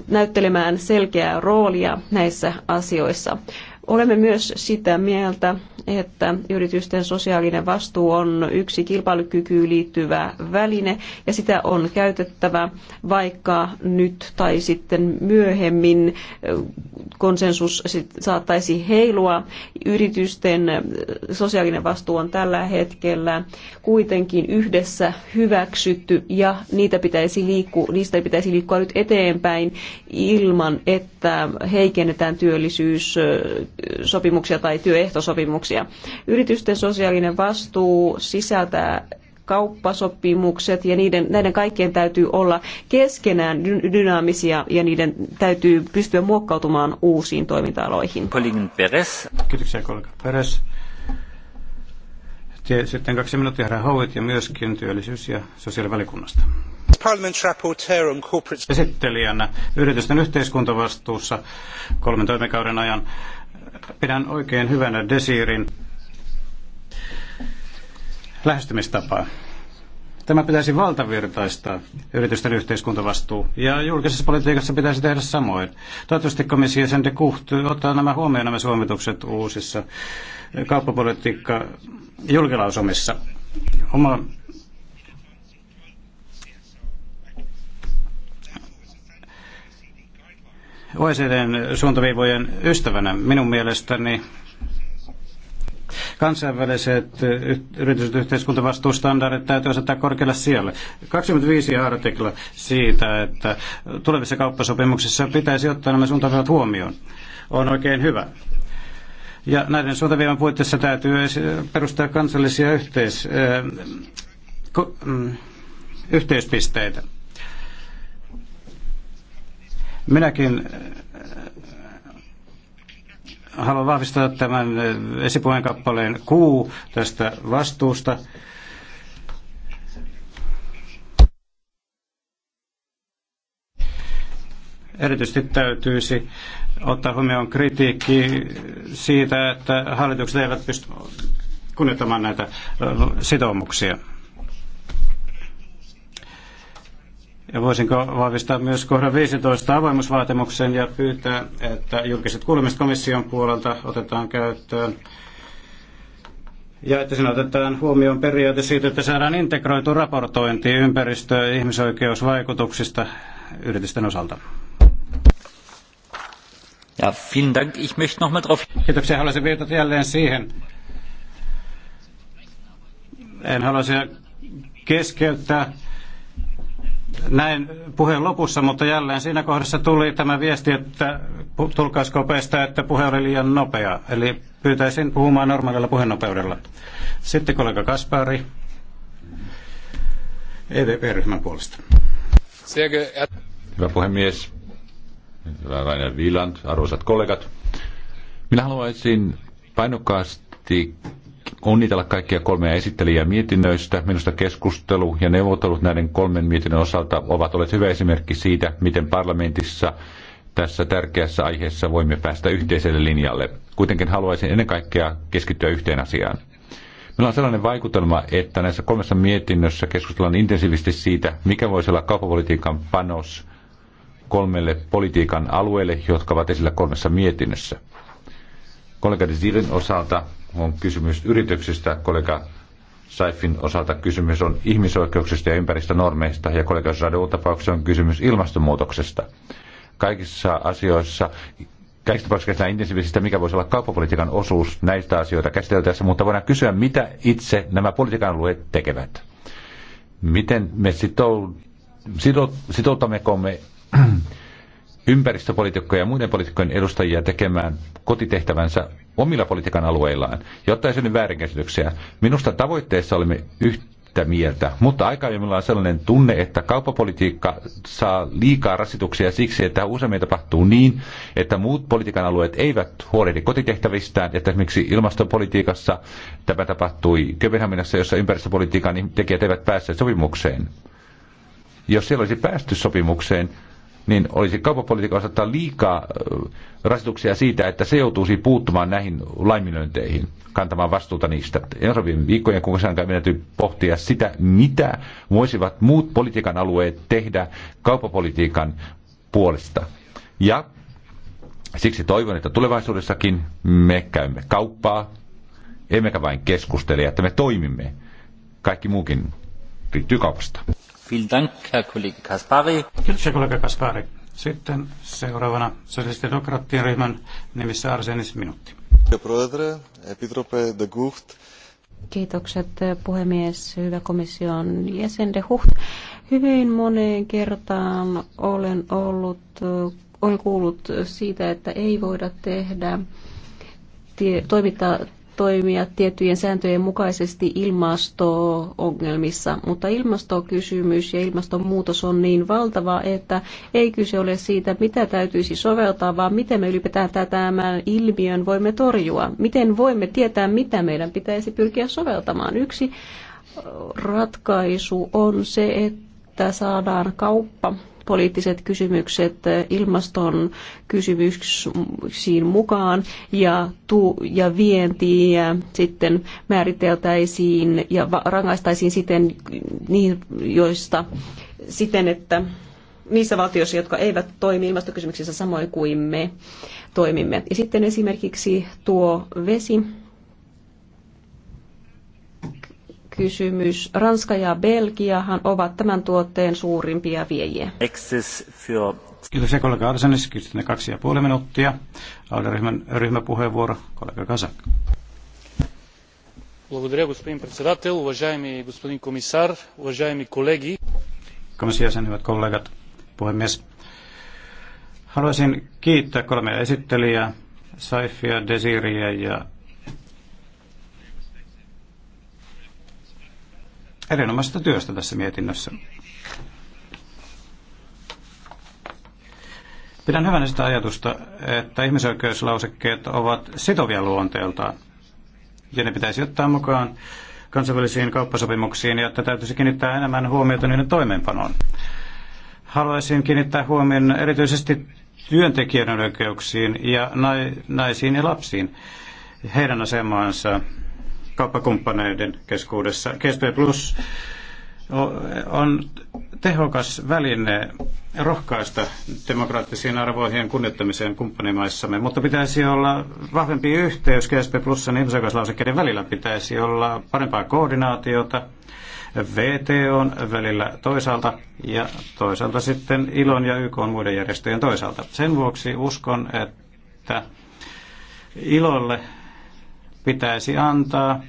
näyttelemään selkeää roolia näissä asioissa. Olemme myös sitä mieltä, että yritysten sosiaalinen vastuu on yksi kilpailukykyyn liittyvä väline ja sitä on käytettävä vaikka nyt tai sitten myöhemmin konsensus saattaisi heilua. Yritysten sosiaalinen vastuu on tällä hetkellä kuitenkin yhdessä hyväksytty ja niitä pitäisi liikkua, niistä pitäisi liikkua nyt eteenpäin ilman, että heikennetään työllisyys sopimuksia tai työehtosopimuksia. Yritysten sosiaalinen vastuu sisältää kauppasopimukset ja niiden, näiden kaikkien täytyy olla keskenään dynaamisia ja niiden täytyy pystyä muokkautumaan uusiin toiminta-aloihin. Kiitoksia kollega Peres. Sitten kaksi minuuttia herra Howitt ja myöskin työllisyys- ja sosiaalivalikunnasta. Esittelijänä yritysten yhteiskuntavastuussa kolmen toimikauden ajan Pidän oikein hyvänä Desirin lähestymistapaa. Tämä pitäisi valtavirtaistaa yritysten yhteiskuntavastuu ja julkisessa politiikassa pitäisi tehdä samoin. Toivottavasti komissio sen de Kuht ottaa nämä huomioon nämä suomitukset uusissa kauppapolitiikka julkilausumissa. Oma OECDn suuntaviivojen ystävänä minun mielestäni kansainväliset yritykset yhteiskuntavastuustandardit täytyy asettaa korkealle sijalle. 25 artikla siitä, että tulevissa kauppasopimuksissa pitäisi ottaa nämä suuntaviivat huomioon, on oikein hyvä. Ja näiden suuntaviivan puitteissa täytyy perustaa kansallisia yhteis, mm, yhteispisteitä. Minäkin äh, haluan vahvistaa tämän äh, esipuheen kappaleen kuu tästä vastuusta. Erityisesti täytyisi ottaa huomioon kritiikki siitä, että hallitukset eivät pysty kunnioittamaan näitä äh, sitoumuksia. Ja voisinko vahvistaa myös kohdan 15 avoimuusvaatimuksen ja pyytää, että julkiset kuulemiset komission puolelta otetaan käyttöön ja että siinä otetaan huomioon periaate siitä, että saadaan integroitu raportointi ympäristö- ja ihmisoikeusvaikutuksista yritysten osalta. Ja, vielen Dank. Ich möchte noch mal drauf... Kiitoksia. Haluaisin viitata jälleen siihen. En haluaisi keskeyttää näin puheen lopussa, mutta jälleen siinä kohdassa tuli tämä viesti, että tulkaiskopeista, että puhe oli liian nopea. Eli pyytäisin puhumaan normaalilla puheenopeudella. Sitten kollega Kaspari, EVP-ryhmän puolesta. Hyvä puhemies, hyvä Rainer Wieland, arvoisat kollegat. Minä haluaisin painokkaasti onnitella kaikkia kolmea esittelijää mietinnöistä. Minusta keskustelu ja neuvottelut näiden kolmen mietinnön osalta ovat olleet hyvä esimerkki siitä, miten parlamentissa tässä tärkeässä aiheessa voimme päästä yhteiselle linjalle. Kuitenkin haluaisin ennen kaikkea keskittyä yhteen asiaan. Meillä on sellainen vaikutelma, että näissä kolmessa mietinnössä keskustellaan intensiivisesti siitä, mikä voisi olla kauppapolitiikan panos kolmelle politiikan alueelle, jotka ovat esillä kolmessa mietinnössä. Kollega Zilin osalta on kysymys yrityksistä, kollega Saifin osalta kysymys on ihmisoikeuksista ja ympäristönormeista, ja kollega Sadun tapauksessa on kysymys ilmastonmuutoksesta. Kaikissa asioissa kaikista tapauksissa käsitellään intensiivisistä, mikä voisi olla kauppapolitiikan osuus näistä asioita käsiteltäessä, mutta voidaan kysyä, mitä itse nämä politiikan alueet tekevät. Miten me sitou, sidou, me ympäristöpolitiikkojen ja muiden poliitikkojen edustajia tekemään kotitehtävänsä omilla politiikan alueillaan, jotta ei synny väärinkäsityksiä. Minusta tavoitteessa olemme yhtä mieltä, mutta aikaisemmin on sellainen tunne, että kauppapolitiikka saa liikaa rasituksia siksi, että useimmin tapahtuu niin, että muut politiikan alueet eivät huolehdi kotitehtävistään, että esimerkiksi ilmastopolitiikassa tämä tapahtui Kööpenhaminassa, jossa ympäristöpolitiikan tekijät eivät päässeet sopimukseen. Jos siellä olisi päästy sopimukseen, niin olisi kauppapolitiikka osattaa liikaa rasituksia siitä, että se joutuisi puuttumaan näihin laiminlyönteihin, kantamaan vastuuta niistä. Ensi viikkojen kuukausien aikana meidän täytyy pohtia sitä, mitä voisivat muut politiikan alueet tehdä kauppapolitiikan puolesta. Ja siksi toivon, että tulevaisuudessakin me käymme kauppaa, emmekä vain keskustele, että me toimimme. Kaikki muukin riittyy kaupasta. Kiitoksia kollega Kaspari. Sitten seuraavana sosialistidemokraattien ryhmän nimissä Arsenis minuutti. Kiitokset puhemies, hyvä komission jäsen de Hucht. Hyvin moneen kertaan olen ollut, olen kuullut siitä, että ei voida tehdä, tie, toimittaa toimia tiettyjen sääntöjen mukaisesti ilmasto-ongelmissa, mutta ilmastokysymys ja ilmastonmuutos on niin valtava, että ei kyse ole siitä, mitä täytyisi soveltaa, vaan miten me ylipäätään tämän ilmiön voimme torjua. Miten voimme tietää, mitä meidän pitäisi pyrkiä soveltamaan. Yksi ratkaisu on se, että saadaan kauppa poliittiset kysymykset ilmaston kysymyksiin mukaan ja, tu- ja vientiä sitten määriteltäisiin ja rangaistaisiin siten niin, joista siten, että niissä valtioissa, jotka eivät toimi ilmastokysymyksissä samoin kuin me toimimme. Ja sitten esimerkiksi tuo vesi kysymys. Ranska ja Belgiahan ovat tämän tuotteen suurimpia viejiä. Kiitoksia kollega Arsenis. Kysytään kaksi ja puoli minuuttia. ryhmän ryhmäpuheenvuoro, kollega Kasak. Благодаря, господин председател, уважаеми господин комисар, уважаеми колеги. hyvät kollegat, puhemies. Haluaisin kiittää kolmea esittelijää, Saifia, Desiria ja erinomaisesta työstä tässä mietinnössä. Pidän hyvänä sitä ajatusta, että ihmisoikeuslausekkeet ovat sitovia luonteeltaan ja ne pitäisi ottaa mukaan kansainvälisiin kauppasopimuksiin ja että täytyisi kiinnittää enemmän huomiota niiden toimeenpanoon. Haluaisin kiinnittää huomioon erityisesti työntekijöiden oikeuksiin ja naisiin ja lapsiin, heidän asemaansa kauppakumppaneiden keskuudessa. GSP Plus on tehokas väline rohkaista demokraattisiin arvoihin kunnioittamiseen kumppanimaissamme, mutta pitäisi olla vahvempi yhteys GSP Plusan ihmisoikeuslausekkeiden välillä. Pitäisi olla parempaa koordinaatiota VTOn välillä toisaalta ja toisaalta sitten ILON ja YK muiden järjestöjen toisaalta. Sen vuoksi uskon, että ILOlle pitäisi antaa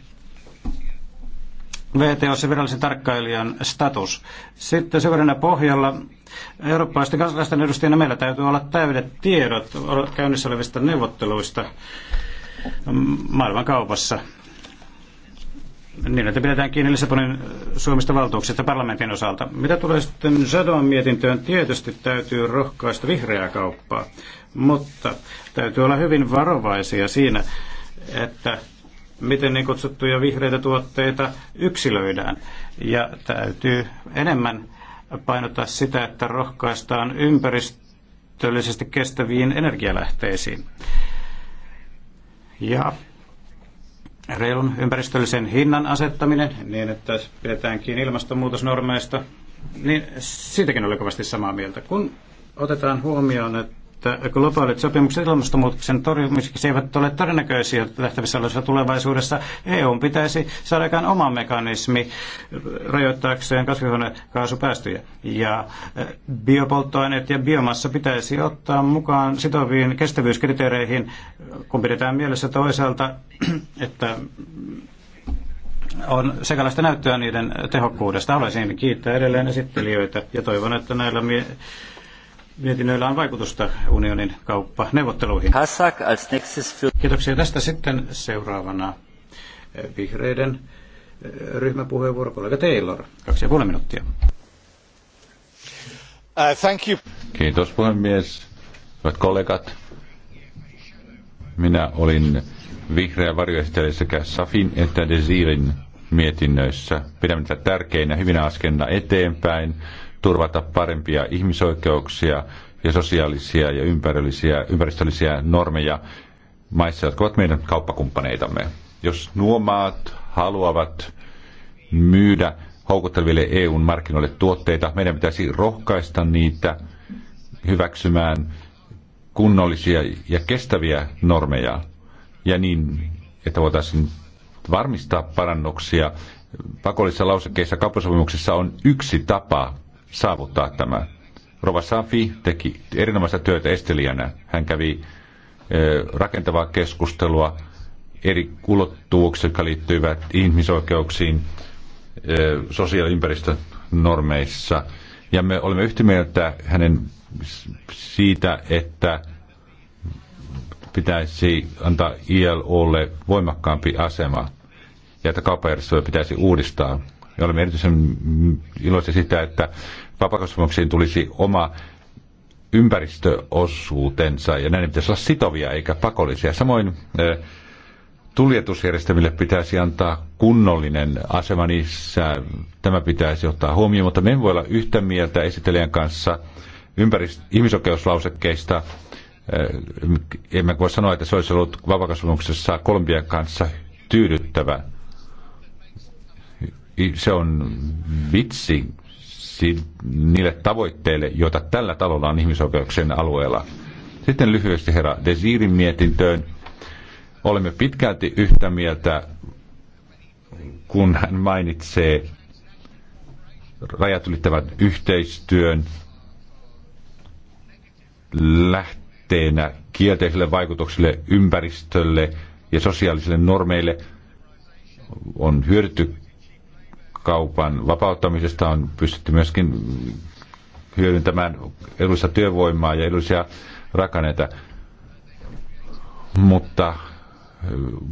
se virallisen tarkkailijan status. Sitten seuraavana pohjalla eurooppalaisten kansalaisten edustajina meillä täytyy olla täydet tiedot käynnissä olevista neuvotteluista maailmankaupassa. Niin, että pidetään kiinni Lissabonin äh, Suomesta valtuuksista parlamentin osalta. Mitä tulee sitten Sadon mietintöön, tietysti täytyy rohkaista vihreää kauppaa, mutta täytyy olla hyvin varovaisia siinä, että miten niin kutsuttuja vihreitä tuotteita yksilöidään. Ja täytyy enemmän painottaa sitä, että rohkaistaan ympäristöllisesti kestäviin energialähteisiin. Ja reilun ympäristöllisen hinnan asettaminen niin, että pidetään kiinni ilmastonmuutosnormeista, niin siitäkin olen kovasti samaa mieltä. Kun otetaan huomioon, että että globaalit sopimukset ilmastonmuutoksen torjumiseksi eivät ole todennäköisiä lähtevissä olevassa tulevaisuudessa. EU pitäisi saada aikaan oma mekanismi rajoittaakseen kasvihuonekaasupäästöjä. Ja eh, biopolttoaineet ja biomassa pitäisi ottaa mukaan sitoviin kestävyyskriteereihin, kun pidetään mielessä toisaalta, <clears throat> että on sekalaista näyttöä niiden tehokkuudesta. Haluaisin kiittää edelleen esittelijöitä ja toivon, että näillä mie- mietinnöillä on vaikutusta unionin kauppaneuvotteluihin. Kiitoksia tästä sitten seuraavana eh, vihreiden eh, ryhmäpuheenvuoro kollega Taylor. Kaksi ja puoli minuuttia. Uh, thank you. Kiitos puhemies. Hyvät kollegat, minä olin vihreä varjoesittelijä sekä Safin että Desirin mietinnöissä. Pidämme tätä tärkeinä hyvinä askelina eteenpäin turvata parempia ihmisoikeuksia ja sosiaalisia ja ympäristöllisiä normeja maissa, jotka ovat meidän kauppakumppaneitamme. Jos nuo maat haluavat myydä houkutteleville EUn markkinoille tuotteita, meidän pitäisi rohkaista niitä hyväksymään kunnollisia ja kestäviä normeja ja niin, että voitaisiin varmistaa parannuksia. Pakollisissa lausekkeissa kauppasopimuksissa on yksi tapa saavuttaa tämä. Rova Safi teki erinomaista työtä estelijänä. Hän kävi rakentavaa keskustelua eri kulottuvuuksia, jotka liittyivät ihmisoikeuksiin, sosiaaliympäristön normeissa. Ja me olemme yhtä mieltä hänen siitä, että pitäisi antaa ILOlle voimakkaampi asema ja että kauppajärjestelmä pitäisi uudistaa. Me olemme erityisen iloisia sitä, että vapakasvamuksiin tulisi oma ympäristöosuutensa, ja näin pitäisi olla sitovia eikä pakollisia. Samoin tuljetusjärjestelmille pitäisi antaa kunnollinen asema niissä. Tämä pitäisi ottaa huomioon, mutta me emme voi olla yhtä mieltä esittelijän kanssa ympärist- ihmisoikeuslausekkeista. Emme voi sanoa, että se olisi ollut vapakasvamuksessa kolmien kanssa tyydyttävä se on vitsi niille tavoitteille, joita tällä talolla on ihmisoikeuksien alueella. Sitten lyhyesti herra Desirin mietintöön. Olemme pitkälti yhtä mieltä, kun hän mainitsee rajat ylittävän yhteistyön lähteenä kielteisille vaikutuksille ympäristölle ja sosiaalisille normeille. On hyödytty kaupan vapauttamisesta on pystytty myöskin hyödyntämään edullista työvoimaa ja edullisia rakenneita. Mutta eh,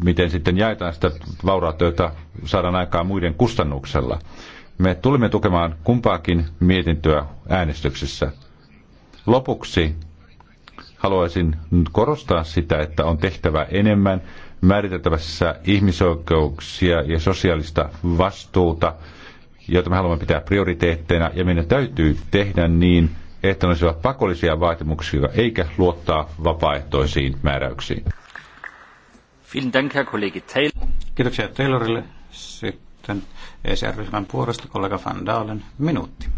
miten sitten jaetaan sitä vaurautta, jota saadaan aikaan muiden kustannuksella. Me tulimme tukemaan kumpaakin mietintöä äänestyksessä. Lopuksi haluaisin korostaa sitä, että on tehtävä enemmän määriteltävässä ihmisoikeuksia ja sosiaalista vastuuta, joita me haluamme pitää prioriteetteina, ja meidän täytyy tehdä niin, että ne olisivat pakollisia vaatimuksia, eikä luottaa vapaaehtoisiin määräyksiin. Kiitoksia Taylorille. Sitten ECR-ryhmän puolesta kollega Van Dalen. Minuutti.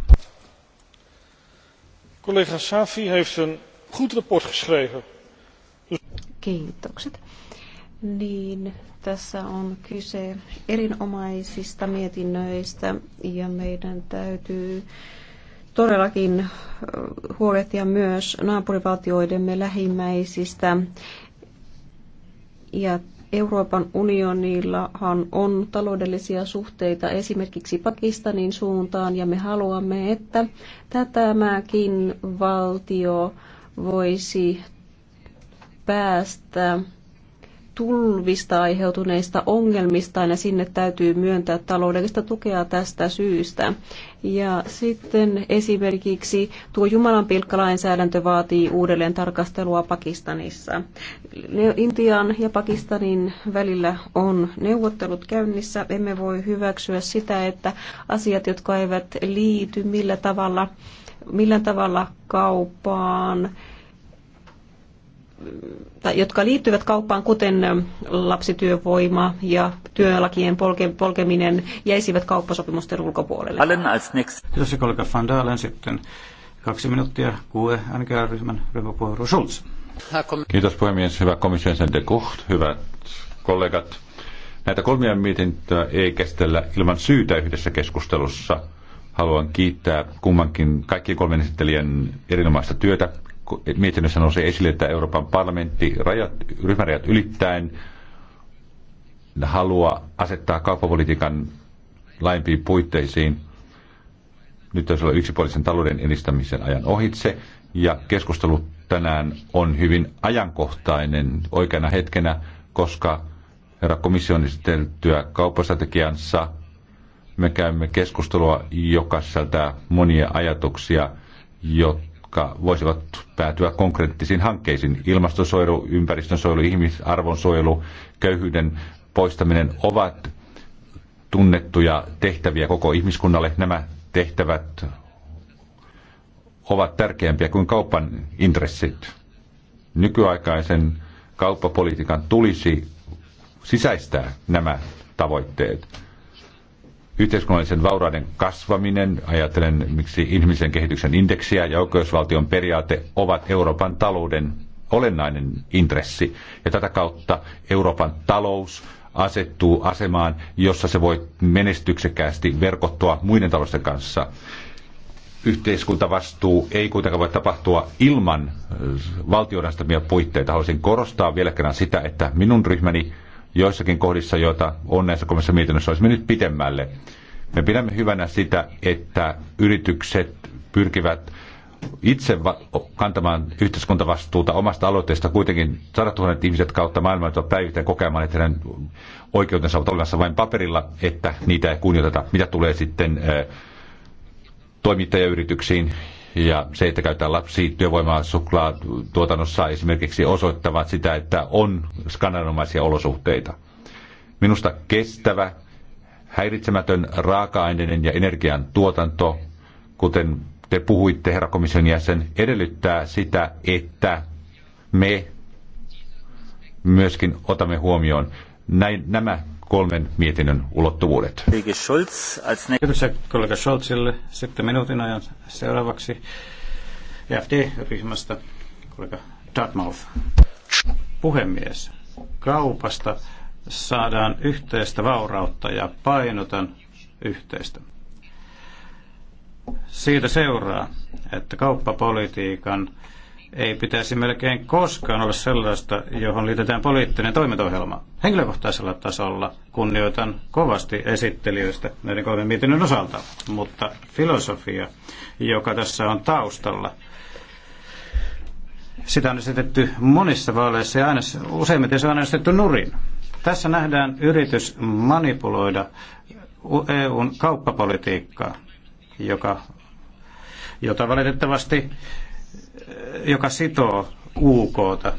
Kollega Safi heeft een goed rapport geschreven. Kiitokset. Niin, tässä on kyse erinomaisista mietinnöistä ja meidän täytyy todellakin huolehtia myös naapurivaltioidemme lähimmäisistä. Ja Euroopan unionillahan on taloudellisia suhteita esimerkiksi Pakistanin suuntaan ja me haluamme, että tämäkin valtio voisi päästä tulvista aiheutuneista ongelmista ja sinne täytyy myöntää taloudellista tukea tästä syystä. Ja sitten esimerkiksi tuo Jumalan pilkkalainsäädäntö vaatii uudelleen tarkastelua Pakistanissa. Intian ja Pakistanin välillä on neuvottelut käynnissä. Emme voi hyväksyä sitä, että asiat, jotka eivät liity millä tavalla, millä tavalla kauppaan, jotka liittyvät kauppaan, kuten lapsityövoima ja työlakien polke, polkeminen, jäisivät kauppasopimusten ulkopuolelle. Kiitos kollega Van Dalen sitten. Kaksi minuuttia QE NKR-ryhmän ryhmäpuheenvuoro Schulz. Kiitos puhemies, hyvä komission de Gucht, hyvät kollegat. Näitä kolmia mietintöä ei kestellä ilman syytä yhdessä keskustelussa. Haluan kiittää kummankin kaikkien kolmen esittelijän erinomaista työtä mietinnössä nousee esille, että Euroopan parlamentti rajat, ryhmärajat ylittäen halua asettaa kauppapolitiikan laimpiin puitteisiin. Nyt on olla yksipuolisen talouden edistämisen ajan ohitse, ja keskustelu tänään on hyvin ajankohtainen oikeana hetkenä, koska herra komission esiteltyä kauppastrategiansa me käymme keskustelua, joka sisältää monia ajatuksia, jotka jotka voisivat päätyä konkreettisiin hankkeisiin. Ilmastonsuojelu, ympäristönsuojelu, ihmisarvon suojelu, köyhyyden poistaminen ovat tunnettuja tehtäviä koko ihmiskunnalle. Nämä tehtävät ovat tärkeämpiä kuin kaupan intressit. Nykyaikaisen kauppapolitiikan tulisi sisäistää nämä tavoitteet. Yhteiskunnallisen vaurauden kasvaminen, ajattelen miksi ihmisen kehityksen indeksiä ja oikeusvaltion periaate ovat Euroopan talouden olennainen intressi. Ja tätä kautta Euroopan talous asettuu asemaan, jossa se voi menestyksekkäästi verkottua muiden talousten kanssa. Yhteiskuntavastuu ei kuitenkaan voi tapahtua ilman valtion puitteita. Haluaisin korostaa vielä kerran sitä, että minun ryhmäni joissakin kohdissa, joita on näissä komissa mietinnössä, olisi mennyt pitemmälle. Me pidämme hyvänä sitä, että yritykset pyrkivät itse kantamaan yhteiskuntavastuuta omasta aloitteesta kuitenkin sadatuhannet ihmiset kautta maailmaa ovat päivittäin kokemaan, että heidän oikeutensa ovat olemassa vain paperilla, että niitä ei kunnioiteta. Mitä tulee sitten eh, toimittajayrityksiin, ja se, että käytetään lapsi työvoimaa tuotannossa esimerkiksi osoittavat sitä, että on skandinomaisia olosuhteita. Minusta kestävä, häiritsemätön raaka-aineiden ja energian tuotanto, kuten te puhuitte, herra komission jäsen, edellyttää sitä, että me myöskin otamme huomioon näin, nämä kolmen mietinnön ulottuvuudet. Kiitos kollega Scholzille. Sitten minuutin ajan seuraavaksi EFD-ryhmästä kollega Dartmouth. Puhemies, kaupasta saadaan yhteistä vaurautta ja painotan yhteistä. Siitä seuraa, että kauppapolitiikan ei pitäisi melkein koskaan olla sellaista, johon liitetään poliittinen toimintaohjelma. Henkilökohtaisella tasolla kunnioitan kovasti esittelijöistä näiden kolmen mietinnön osalta, mutta filosofia, joka tässä on taustalla, sitä on esitetty monissa vaaleissa ja aina, useimmiten se on esitetty nurin. Tässä nähdään yritys manipuloida EUn kauppapolitiikkaa, joka, jota valitettavasti joka sitoo UKta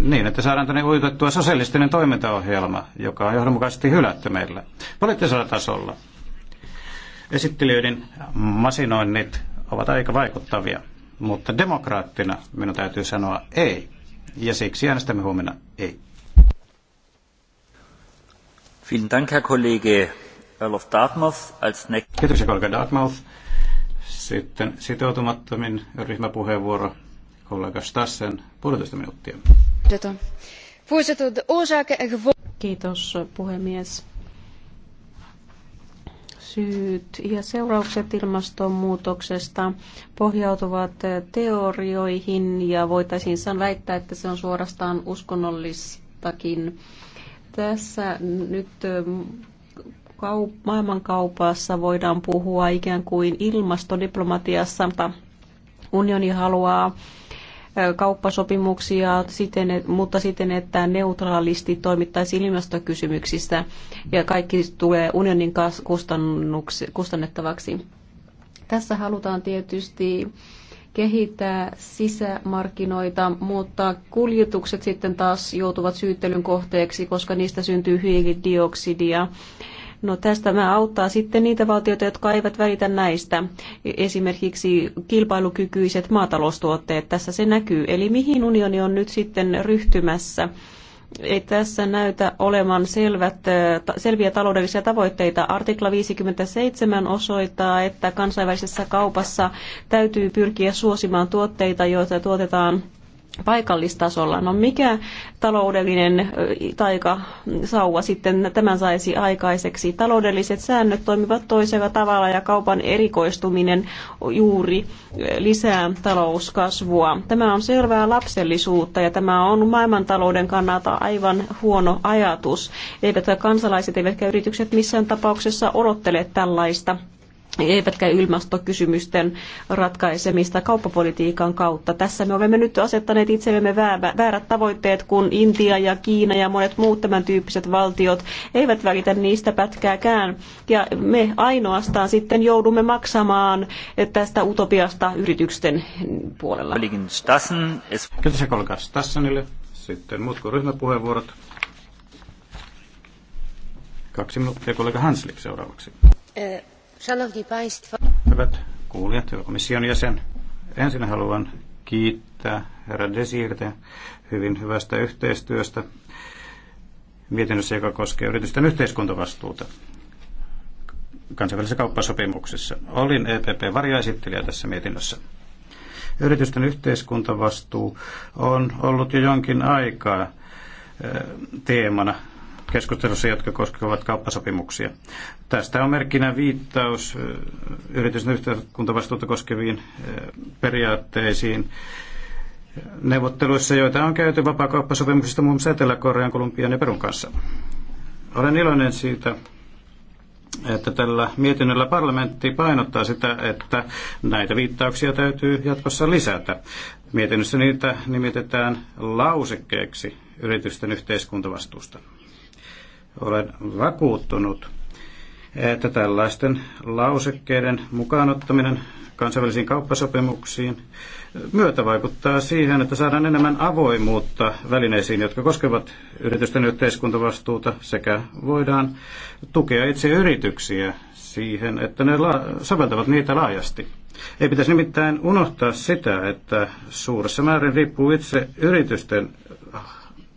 niin, että saadaan tänne ujutettua sosialistinen toimintaohjelma, joka on johdonmukaisesti hylätty meillä poliittisella tasolla. Esittelijöiden masinoinnit ovat aika vaikuttavia, mutta demokraattina minun täytyy sanoa ei, ja siksi äänestämme huomenna ei. Kiitoksia, kollega Dartmouth. Sitten sitoutumattomin ryhmäpuheenvuoro kollega Stassen puolitoista minuuttia. Kiitos puhemies. Syyt ja seuraukset ilmastonmuutoksesta pohjautuvat teorioihin ja voitaisiin väittää, että se on suorastaan uskonnollistakin. Tässä nyt ähm, maailmankaupassa voidaan puhua ikään kuin ilmastodiplomatiassa, mutta unioni haluaa kauppasopimuksia, siten, mutta siten, että neutraalisti toimittaisiin ilmastokysymyksissä ja kaikki tulee unionin kustannettavaksi. Tässä halutaan tietysti kehittää sisämarkkinoita, mutta kuljetukset sitten taas joutuvat syyttelyn kohteeksi, koska niistä syntyy hiilidioksidia No tästä mä auttaa sitten niitä valtioita, jotka eivät välitä näistä. E- esimerkiksi kilpailukykyiset maataloustuotteet, tässä se näkyy. Eli mihin unioni on nyt sitten ryhtymässä? ei tässä näytä olevan selvät, selviä taloudellisia tavoitteita. Artikla 57 osoittaa, että kansainvälisessä kaupassa täytyy pyrkiä suosimaan tuotteita, joita tuotetaan paikallistasolla. No mikä taloudellinen taika sauva sitten tämän saisi aikaiseksi? Taloudelliset säännöt toimivat toisella tavalla ja kaupan erikoistuminen juuri lisää talouskasvua. Tämä on selvää lapsellisuutta ja tämä on maailmantalouden kannalta aivan huono ajatus. Eivätkä kansalaiset eivätkä yritykset missään tapauksessa odottele tällaista eivätkä ilmastokysymysten ratkaisemista kauppapolitiikan kautta. Tässä me olemme nyt asettaneet itsellemme väärät tavoitteet, kun Intia ja Kiina ja monet muut tämän tyyppiset valtiot eivät välitä niistä pätkääkään. Ja me ainoastaan sitten joudumme maksamaan tästä utopiasta yritysten puolella. Kiitos ja kolkas Sitten muut kuin ryhmäpuheenvuorot. Kaksi minuuttia kollega Hanslik seuraavaksi. Eh Hyvät kuulijat, hyvä komission jäsen. Ensin haluan kiittää herra Desirte hyvin hyvästä yhteistyöstä mietinnössä, joka koskee yritysten yhteiskuntavastuuta kansainvälisissä kauppasopimuksissa. Olin EPP-varjaesittelijä tässä mietinnössä. Yritysten yhteiskuntavastuu on ollut jo jonkin aikaa eh, teemana keskustelussa, jotka koskevat kauppasopimuksia. Tästä on merkkinä viittaus yritysten yhteiskuntavastuuta koskeviin periaatteisiin neuvotteluissa, joita on käyty vapaakauppasopimuksista muun muassa Etelä-Korean, Kolumbian ja Perun kanssa. Olen iloinen siitä, että tällä mietinnöllä parlamentti painottaa sitä, että näitä viittauksia täytyy jatkossa lisätä. Mietinnössä niitä nimitetään lausekkeeksi yritysten yhteiskuntavastuusta. Olen vakuuttunut, että tällaisten lausekkeiden mukaanottaminen kansainvälisiin kauppasopimuksiin myötä vaikuttaa siihen, että saadaan enemmän avoimuutta välineisiin, jotka koskevat yritysten yhteiskuntavastuuta sekä voidaan tukea itse yrityksiä siihen, että ne soveltavat niitä laajasti. Ei pitäisi nimittäin unohtaa sitä, että suuressa määrin riippuu itse yritysten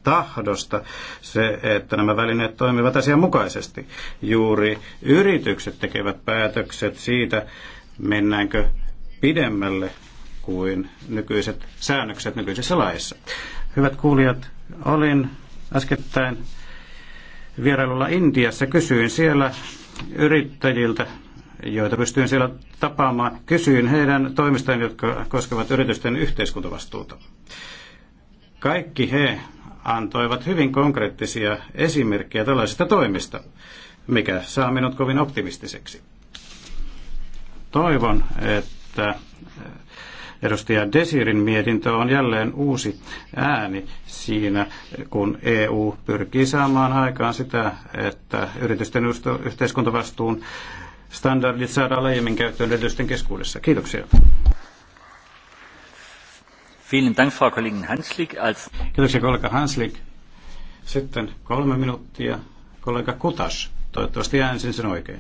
tahdosta se, että nämä välineet toimivat asianmukaisesti. Juuri yritykset tekevät päätökset siitä, mennäänkö pidemmälle kuin nykyiset säännökset nykyisessä laissa. Hyvät kuulijat, olin äskettäin vierailulla Intiassa. Kysyin siellä yrittäjiltä, joita pystyin siellä tapaamaan, kysyin heidän toimistaan, jotka koskevat yritysten yhteiskuntavastuuta. Kaikki he antoivat hyvin konkreettisia esimerkkejä tällaisista toimista, mikä saa minut kovin optimistiseksi. Toivon, että eh, edustaja Desirin mietintö on jälleen uusi ääni siinä, kun EU pyrkii saamaan aikaan sitä, että yritysten yhteiskuntavastuun standardit saadaan laajemmin käyttöön yritysten keskuudessa. Kiitoksia. Kiitoksia kollega Hanslik. Sitten kolme minuuttia kollega Kutas. Toivottavasti äänsin sen oikein.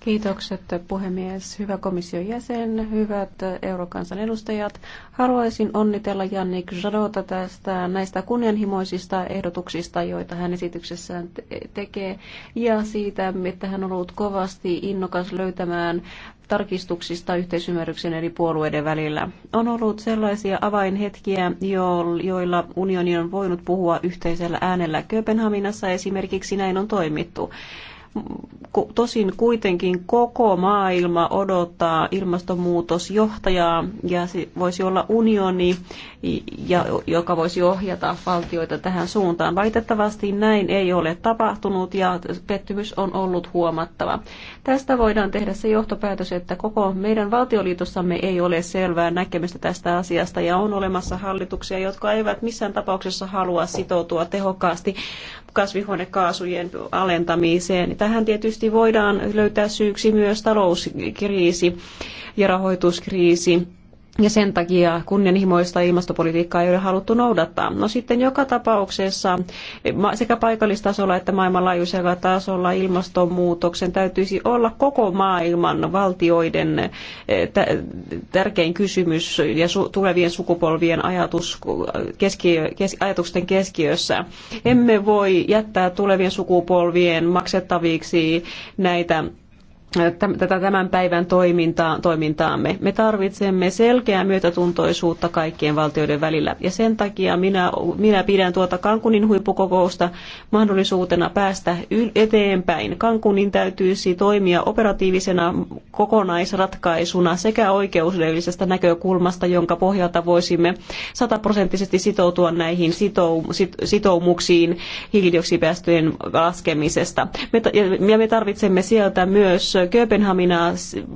Kiitokset puhemies, hyvä komission jäsen, hyvät eurokansan edustajat. Haluaisin onnitella Jannik Jadota tästä näistä kunnianhimoisista ehdotuksista, joita hän esityksessään te tekee, ja siitä, että hän on ollut kovasti innokas löytämään tarkistuksista yhteisymmärryksen eri puolueiden välillä. On ollut sellaisia avainhetkiä, joilla unioni on voinut puhua yhteisellä äänellä. Kööpenhaminassa esimerkiksi näin on toimittu. Tosin kuitenkin koko maailma odottaa ilmastonmuutosjohtajaa ja voisi olla unioni, joka voisi ohjata valtioita tähän suuntaan. Valitettavasti näin ei ole tapahtunut ja pettymys on ollut huomattava. Tästä voidaan tehdä se johtopäätös, että koko meidän valtioliitossamme ei ole selvää näkemystä tästä asiasta ja on olemassa hallituksia, jotka eivät missään tapauksessa halua sitoutua tehokkaasti kasvihuonekaasujen alentamiseen. Niin tähän tietysti voidaan löytää syyksi myös talouskriisi ja rahoituskriisi ja sen takia kunnianhimoista ilmastopolitiikkaa ei ole haluttu noudattaa. No sitten joka tapauksessa sekä paikallistasolla että maailmanlaajuisella tasolla ilmastonmuutoksen täytyisi olla koko maailman valtioiden eh, tärkein kysymys ja tulevien sukupolvien ajatus, keski, kes, ajatusten keskiössä. Emme voi jättää tulevien sukupolvien maksettaviksi näitä tätä tämän päivän toimintaa, toimintaamme. Me tarvitsemme selkeää myötätuntoisuutta kaikkien valtioiden välillä ja sen takia minä, minä pidän tuota Kankunin huippukokousta mahdollisuutena päästä eteenpäin. Kankunin täytyisi toimia operatiivisena kokonaisratkaisuna sekä oikeudellisesta näkökulmasta, jonka pohjalta voisimme sataprosenttisesti sitoutua näihin sitoumuksiin hiilidioksidipäästöjen laskemisesta. Me, ja me tarvitsemme sieltä myös Kööpenhaminaa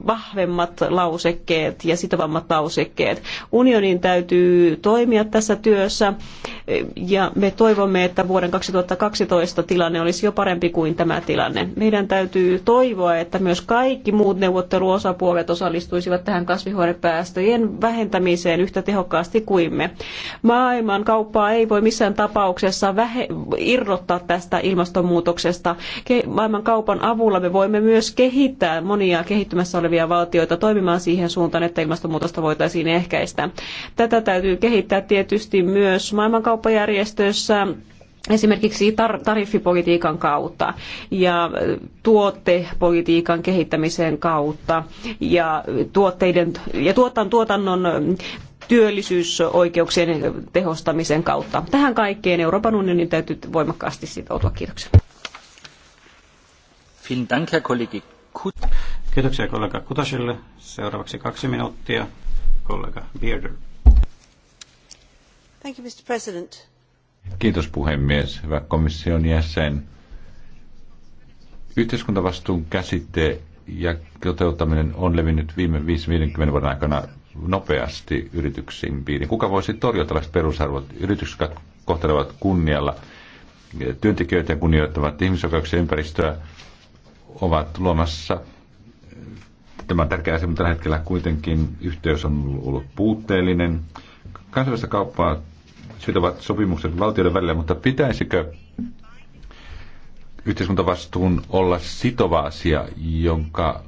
vahvemmat lausekkeet ja sitovammat lausekkeet. Unionin täytyy toimia tässä työssä ja me toivomme, että vuoden 2012 tilanne olisi jo parempi kuin tämä tilanne. Meidän täytyy toivoa, että myös kaikki muut neuvotteluosapuolet osallistuisivat tähän kasvihuonepäästöjen vähentämiseen yhtä tehokkaasti kuin me. Maailman kauppaa ei voi missään tapauksessa irrottaa tästä ilmastonmuutoksesta. Maailman kaupan avulla me voimme myös kehittää kehittää monia kehittymässä olevia valtioita toimimaan siihen suuntaan, että ilmastonmuutosta voitaisiin ehkäistä. Tätä täytyy kehittää tietysti myös maailmankauppajärjestössä esimerkiksi tar- tariffipolitiikan kautta ja tuotepolitiikan kehittämisen kautta ja, tuotteiden, ja tuotan, tuotannon työllisyysoikeuksien tehostamisen kautta. Tähän kaikkeen Euroopan unionin täytyy voimakkaasti sitoutua. Kiitoksia. Vielen Dank, Herr Kollege Kut- Kiitoksia kollega Kutasille. Seuraavaksi kaksi minuuttia kollega Bearder. Thank you, Mr. President. Kiitos puhemies, hyvä komission jäsen. Yhteiskuntavastuun käsite ja toteuttaminen on levinnyt viime 50 vuoden aikana nopeasti yrityksiin piiriin. Kuka voisi torjua tällaiset perusarvot? Yritykset kohtelevat kunnialla työntekijöitä ja kunnioittavat ihmisoikeuksia ympäristöä ovat luomassa, tämä on tärkeä asia, mutta tällä hetkellä kuitenkin yhteys on ollut puutteellinen. Kansainvälistä kauppaa sitovat sopimukset valtioiden välillä, mutta pitäisikö yhteiskuntavastuun olla sitova asia, jonka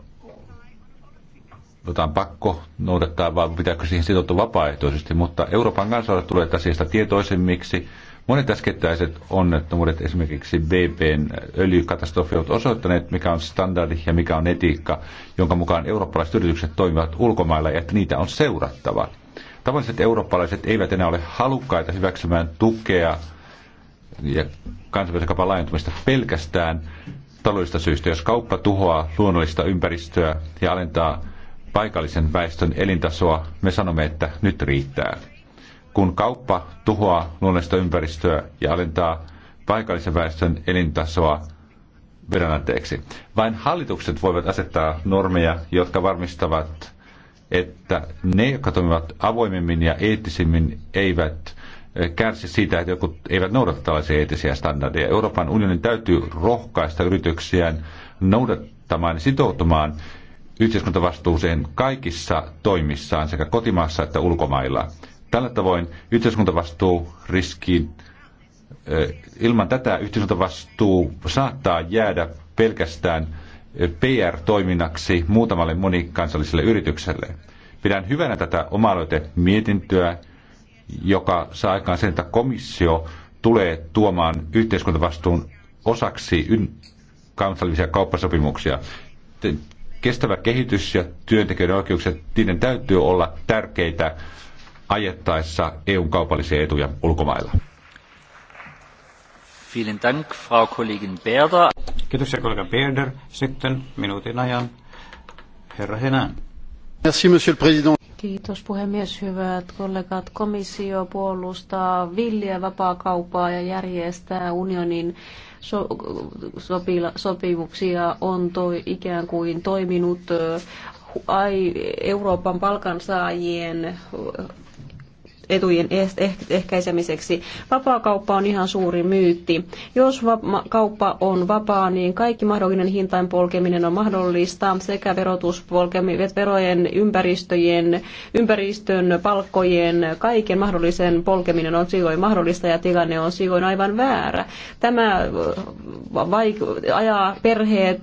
jotain pakko noudattaa, vaan pitääkö siihen sitoutua vapaaehtoisesti. Mutta Euroopan kansalaiset tulee asiasta tietoisemmiksi Monet äskettäiset onnettomuudet, esimerkiksi BPn öljykatastrofi, ovat osoittaneet, mikä on standardi ja mikä on etiikka, jonka mukaan eurooppalaiset yritykset toimivat ulkomailla ja että niitä on seurattava. Tavalliset eurooppalaiset eivät enää ole halukkaita hyväksymään tukea ja kansainvälisen kaupan laajentumista pelkästään taloudellisista syistä. Jos kauppa tuhoaa luonnollista ympäristöä ja alentaa paikallisen väestön elintasoa, me sanomme, että nyt riittää kun kauppa tuhoaa luonnollista ympäristöä ja alentaa paikallisen väestön elintasoa veronanteeksi. Vain hallitukset voivat asettaa normeja, jotka varmistavat, että ne, jotka toimivat avoimemmin ja eettisimmin, eivät eh, kärsi siitä, että jotkut eivät noudata tällaisia eettisiä standardeja. Euroopan unionin täytyy rohkaista yrityksiään noudattamaan ja sitoutumaan yhteiskuntavastuuseen kaikissa toimissaan sekä kotimaassa että ulkomailla. Tällä tavoin yhteiskuntavastuu riskiin, ilman tätä yhteiskuntavastuu saattaa jäädä pelkästään PR-toiminnaksi muutamalle monikansalliselle yritykselle. Pidän hyvänä tätä oma mietintöä, joka saa aikaan sen, että komissio tulee tuomaan yhteiskuntavastuun osaksi kansallisia kauppasopimuksia. Kestävä kehitys ja työntekijöiden oikeukset, niiden täytyy olla tärkeitä ajettaessa EUn kaupallisia etuja ulkomailla. Vielen Dank, Frau Kollegin Berder. Kiitos, kollega Berder. Sitten minuutin ajan herra Henään. Merci, monsieur le président. Kiitos puhemies, hyvät kollegat. Komissio puolustaa villiä vapaakauppaa ja järjestää unionin so- sopila- sopimuksia on toi ikään kuin toiminut äh, ai, Euroopan palkansaajien etujen eh, eh, ehkäisemiseksi. Vapaakauppa on ihan suuri myytti. Jos kauppa on vapaa, niin kaikki mahdollinen hintain polkeminen on mahdollista, sekä verotuspolkeminen, verojen, ympäristöjen, ympäristön, palkkojen, kaiken mahdollisen polkeminen on silloin mahdollista ja tilanne on silloin aivan väärä. Tämä äh, vaik- ajaa perheet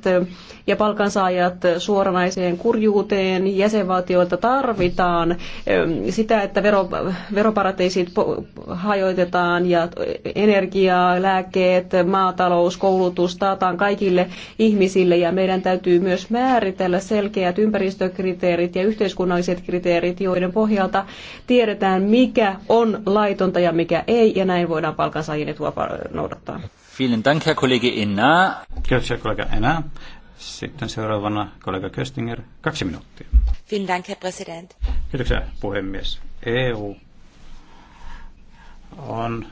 ja palkansaajat suoranaiseen kurjuuteen. Jäsenvaltioilta tarvitaan ähm, sitä, että vero, Veroparateisiin hajoitetaan ja energiaa, lääkkeet, maatalous, koulutus taataan kaikille ihmisille ja meidän täytyy myös määritellä selkeät ympäristökriteerit ja yhteiskunnalliset kriteerit, joiden pohjalta tiedetään, mikä on laitonta ja mikä ei, ja näin voidaan palkansaajien etua noudattaa. Vielen Dank, Herr Kollege Enna. herr kollega Enna. Sitten seuraavana kollega Köstinger, kaksi minuuttia. Vielen Dank, Herr President. Kiitoksia, puhemies. EU on,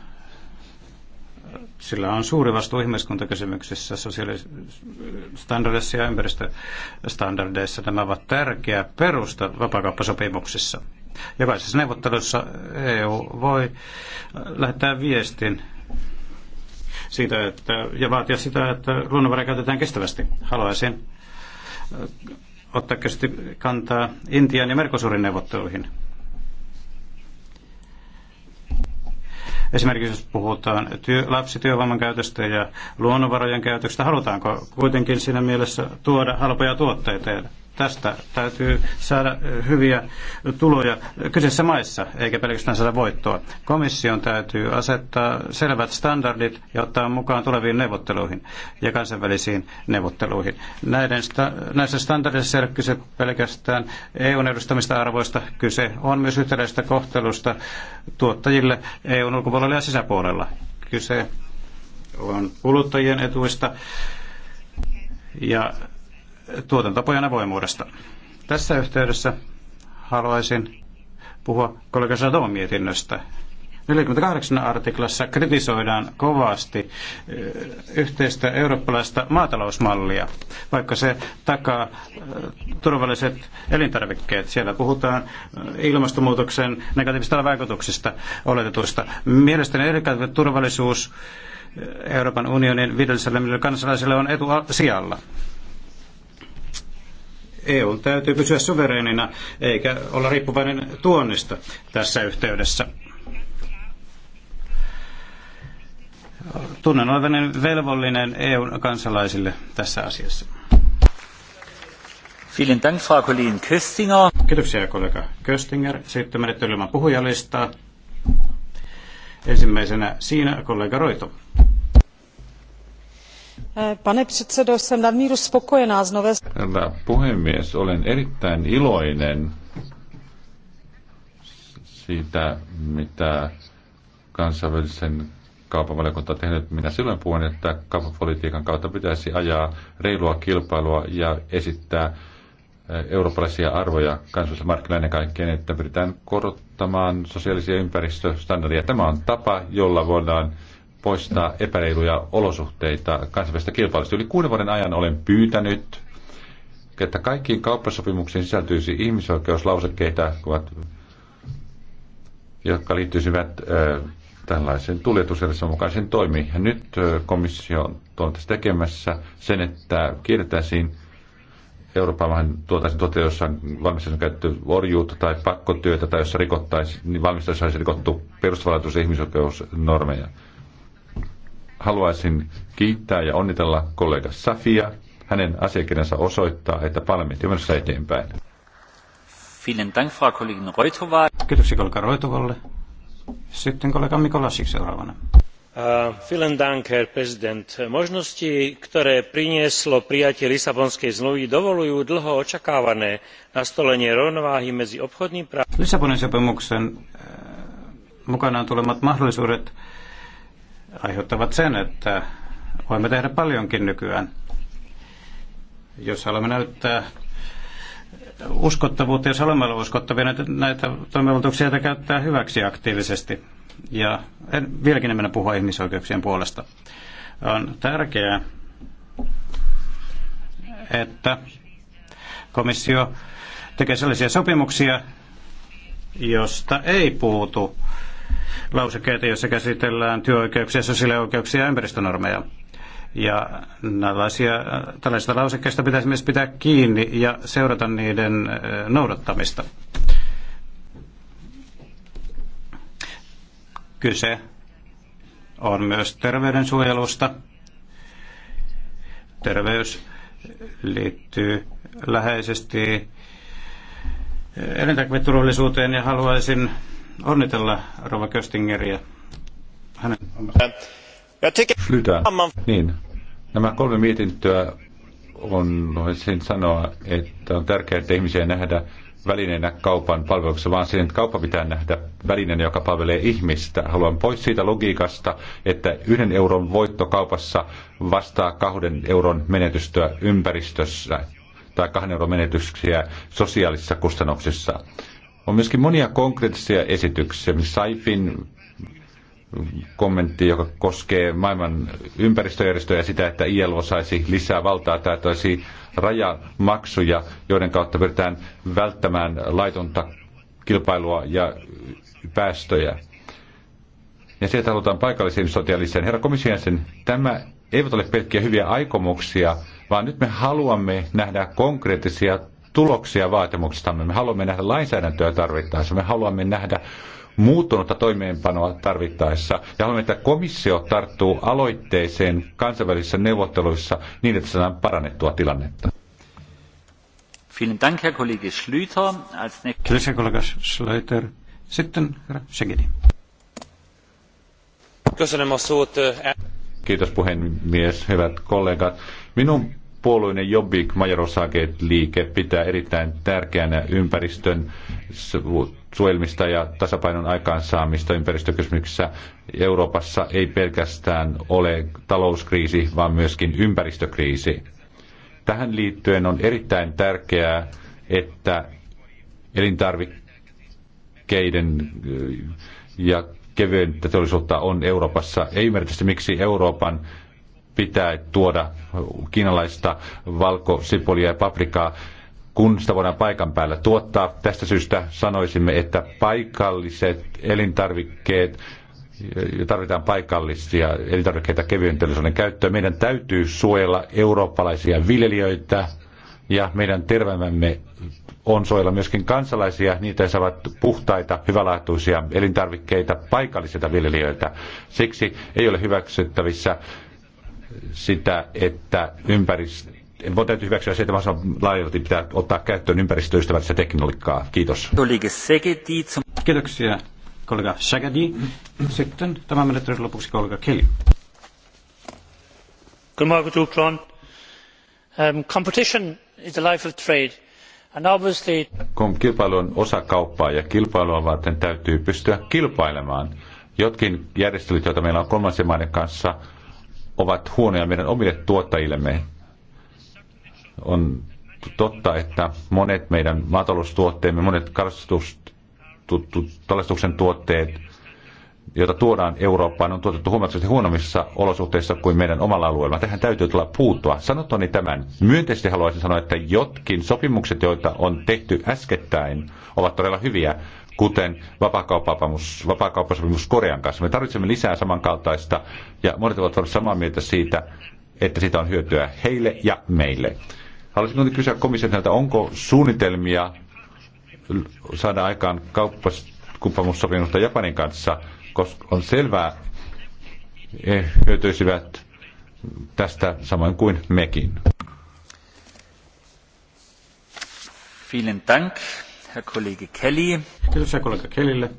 sillä on suuri vastuu ihmiskuntakysymyksissä, sosiaalistandardeissa ja ympäristöstandardeissa. Nämä ovat tärkeä perusta vapakauppasopimuksissa. Jokaisessa neuvottelussa EU voi lähettää viestin siitä, että, ja vaatia sitä, että luonnonvaraa käytetään kestävästi. Haluaisin ottaa kantaa Intian ja Merkosurin neuvotteluihin. Esimerkiksi jos puhutaan työ, lapsityövoiman käytöstä ja luonnonvarojen käytöstä, halutaanko kuitenkin siinä mielessä tuoda halpoja tuotteita Tästä täytyy saada hyviä tuloja kyseisissä maissa, eikä pelkästään saada voittoa. Komission täytyy asettaa selvät standardit ja ottaa mukaan tuleviin neuvotteluihin ja kansainvälisiin neuvotteluihin. Näiden sta- näissä standardeissa ei ole kyse pelkästään EUn edustamista arvoista. Kyse on myös yhtäläisestä kohtelusta tuottajille EUn ulkopuolella ja sisäpuolella. Kyse on kuluttajien etuista ja tuotantopojan avoimuudesta. Tässä yhteydessä haluaisin puhua kollega Sadon mietinnöstä. 48 artiklassa kritisoidaan kovasti eh, yhteistä eurooppalaista maatalousmallia, vaikka se takaa eh, turvalliset elintarvikkeet. Siellä puhutaan eh, ilmastonmuutoksen negatiivisista vaikutuksista oletetuista. Mielestäni elintarviketurvallisuus turvallisuus Euroopan unionin 500 kansalaisille on etu sijalla. EU täytyy pysyä suvereenina eikä olla riippuvainen tuonnista tässä yhteydessä. Tunnen olevan velvollinen eu kansalaisille tässä asiassa. Vielen Dank, Frau Colleen Köstinger. Kiitoksia, kollega Köstinger. Sitten menettelymään puhujalistaa. Ensimmäisenä siinä kollega Roito. Eh, pane předsedo, jsem nadmíru spokojená z nové... Herra puhemies, olen erittäin iloinen siitä, mitä kansainvälisen kaupavaliokunta on tehnyt. Minä silloin puhun, että kauppapolitiikan kautta pitäisi ajaa reilua kilpailua ja esittää eh, eurooppalaisia arvoja kansallisen markkinoilla ennen niin että pyritään korottamaan sosiaalisia ympäristöstandardeja. Tämä on tapa, jolla voidaan poistaa epäreiluja olosuhteita kansainvälistä kilpailusta. Yli kuuden vuoden ajan olen pyytänyt, että kaikkiin kauppasopimuksiin sisältyisi ihmisoikeuslausekkeita, jotka liittyisivät tällaisen tuljetusjärjestelmän mukaisen toimiin. Ja nyt komissio on tässä tekemässä sen, että kiellettäisiin Euroopan maahan tuotaisiin tuotteita, jossa valmistajassa on käytetty orjuutta tai pakkotyötä tai jossa rikottaisiin, niin valmistelussa olisi rikottu ja ihmisoikeusnormeja haluaisin kiittää ja onnitella kollega Safia. Hänen asiakirjansa osoittaa, että parlamentti on menossa eteenpäin. Vielen Dank, Frau Kollegin Reutova. Kiitoksia kollega Reutovalle. Sitten kollega Mikolasik seuraavana. Uh, vielen Dank, Herr President. Možnosti, ktoré prinieslo prijatie Lisabonskej zmluvy, dovolujú dlho očakávané nastolenie rovnováhy medzi obchodným právom... Lissabonin sopimuksen uh, mukanaan tulemat mahdollisuudet aiheuttavat sen, että voimme tehdä paljonkin nykyään. Jos haluamme näyttää uskottavuutta, jos haluamme olla uskottavia, näitä, näitä toimivaltuuksia käyttää hyväksi aktiivisesti. Ja en vieläkin mennä puhua ihmisoikeuksien puolesta. On tärkeää, että komissio tekee sellaisia sopimuksia, josta ei puutu lausekkeita, joissa käsitellään työoikeuksia, sosiaalioikeuksia ja ympäristönormeja. Ja tällaisista lausekkeista pitäisi myös pitää kiinni ja seurata niiden eh, noudattamista. Kyse on myös terveydensuojelusta. Terveys liittyy läheisesti elintarviketurvallisuuteen ja haluaisin onnitella Rova Köstingeriä. Hänen Flytä. Niin. Nämä kolme mietintöä on, voisin sanoa, että on tärkeää, että ihmisiä nähdä välineenä kaupan palveluksessa, vaan siihen, että kauppa pitää nähdä välineenä, joka palvelee ihmistä. Haluan pois siitä logiikasta, että yhden euron voitto kaupassa vastaa kahden euron menetystä ympäristössä tai kahden euron menetyksiä sosiaalisissa kustannuksissa. On myöskin monia konkreettisia esityksiä. Saifin kommentti, joka koskee maailman ympäristöjärjestöjä ja sitä, että ILO saisi lisää valtaa tai toisi rajamaksuja, joiden kautta pyritään välttämään laitonta kilpailua ja päästöjä. Ja sieltä halutaan paikallisiin sotialiseen. Herra komission tämä eivät ole pelkkiä hyviä aikomuksia, vaan nyt me haluamme nähdä konkreettisia tuloksia vaatimuksistamme. Me haluamme nähdä lainsäädäntöä tarvittaessa. Me haluamme nähdä muuttunutta toimeenpanoa tarvittaessa. Ja haluamme, että komissio tarttuu aloitteeseen kansainvälisissä neuvotteluissa niin, että saadaan parannettua tilannetta. Kiitos, kollega Schlöter. Sitten herra Segedi. Eh, Kiitos puhemies, hyvät kollegat. Minun puolueinen Jobbik Majorosaket liike pitää erittäin tärkeänä ympäristön suojelmista ja tasapainon aikaansaamista ympäristökysymyksissä. Euroopassa ei pelkästään ole talouskriisi, vaan myöskin ympäristökriisi. Tähän liittyen on erittäin tärkeää, että elintarvikkeiden ja kevyen teollisuutta on Euroopassa. Ei ymmärrä miksi Euroopan pitää tuoda kiinalaista valkosipulia ja paprikaa, kun sitä voidaan paikan päällä tuottaa. Tästä syystä sanoisimme, että paikalliset elintarvikkeet tarvitaan paikallisia elintarvikkeita kevyen teollisuuden käyttöön. Meidän täytyy suojella eurooppalaisia viljelijöitä ja meidän terveemme on suojella myöskin kansalaisia. Niitä saavat puhtaita, hyvälaatuisia elintarvikkeita paikallisilta viljelijöiltä. Siksi ei ole hyväksyttävissä sitä, että ympäristö, Voi täytyy hyväksyä se, että laajalti pitää ottaa käyttöön ympäristöystävällistä tekniikkaa. Kiitos. Kiitoksia kollega Shagadi. Sitten tämä menettely lopuksi kollega Kelly. Um, competition is the life of trade. And obviously... Kun kilpailu on osa kauppaa ja kilpailua varten täytyy pystyä kilpailemaan. Jotkin järjestelyt, joita meillä on kolmansien maiden kanssa, ovat huonoja meidän omille tuottajillemme. On totta, että monet meidän maataloustuotteemme, monet kalastuksen tuotteet, joita tuodaan Eurooppaan, on tuotettu huomattavasti huonommissa olosuhteissa kuin meidän omalla alueella. Tähän täytyy tulla puuttua. Sanotoni tämän. Myönteisesti haluaisin sanoa, että jotkin sopimukset, joita on tehty äskettäin, ovat todella hyviä kuten vapaakauppasopimus Korean kanssa. Me tarvitsemme lisää samankaltaista, ja monet ovat varmasti samaa mieltä siitä, että siitä on hyötyä heille ja meille. Haluaisin kuitenkin kysyä komissiolta, onko suunnitelmia saada aikaan kauppasopimusta Japanin kanssa, koska on selvää, he hyötyisivät tästä samoin kuin mekin. Vielen Dank. Herr Kollege Kelly. Kiitoksia kollega Kellylle.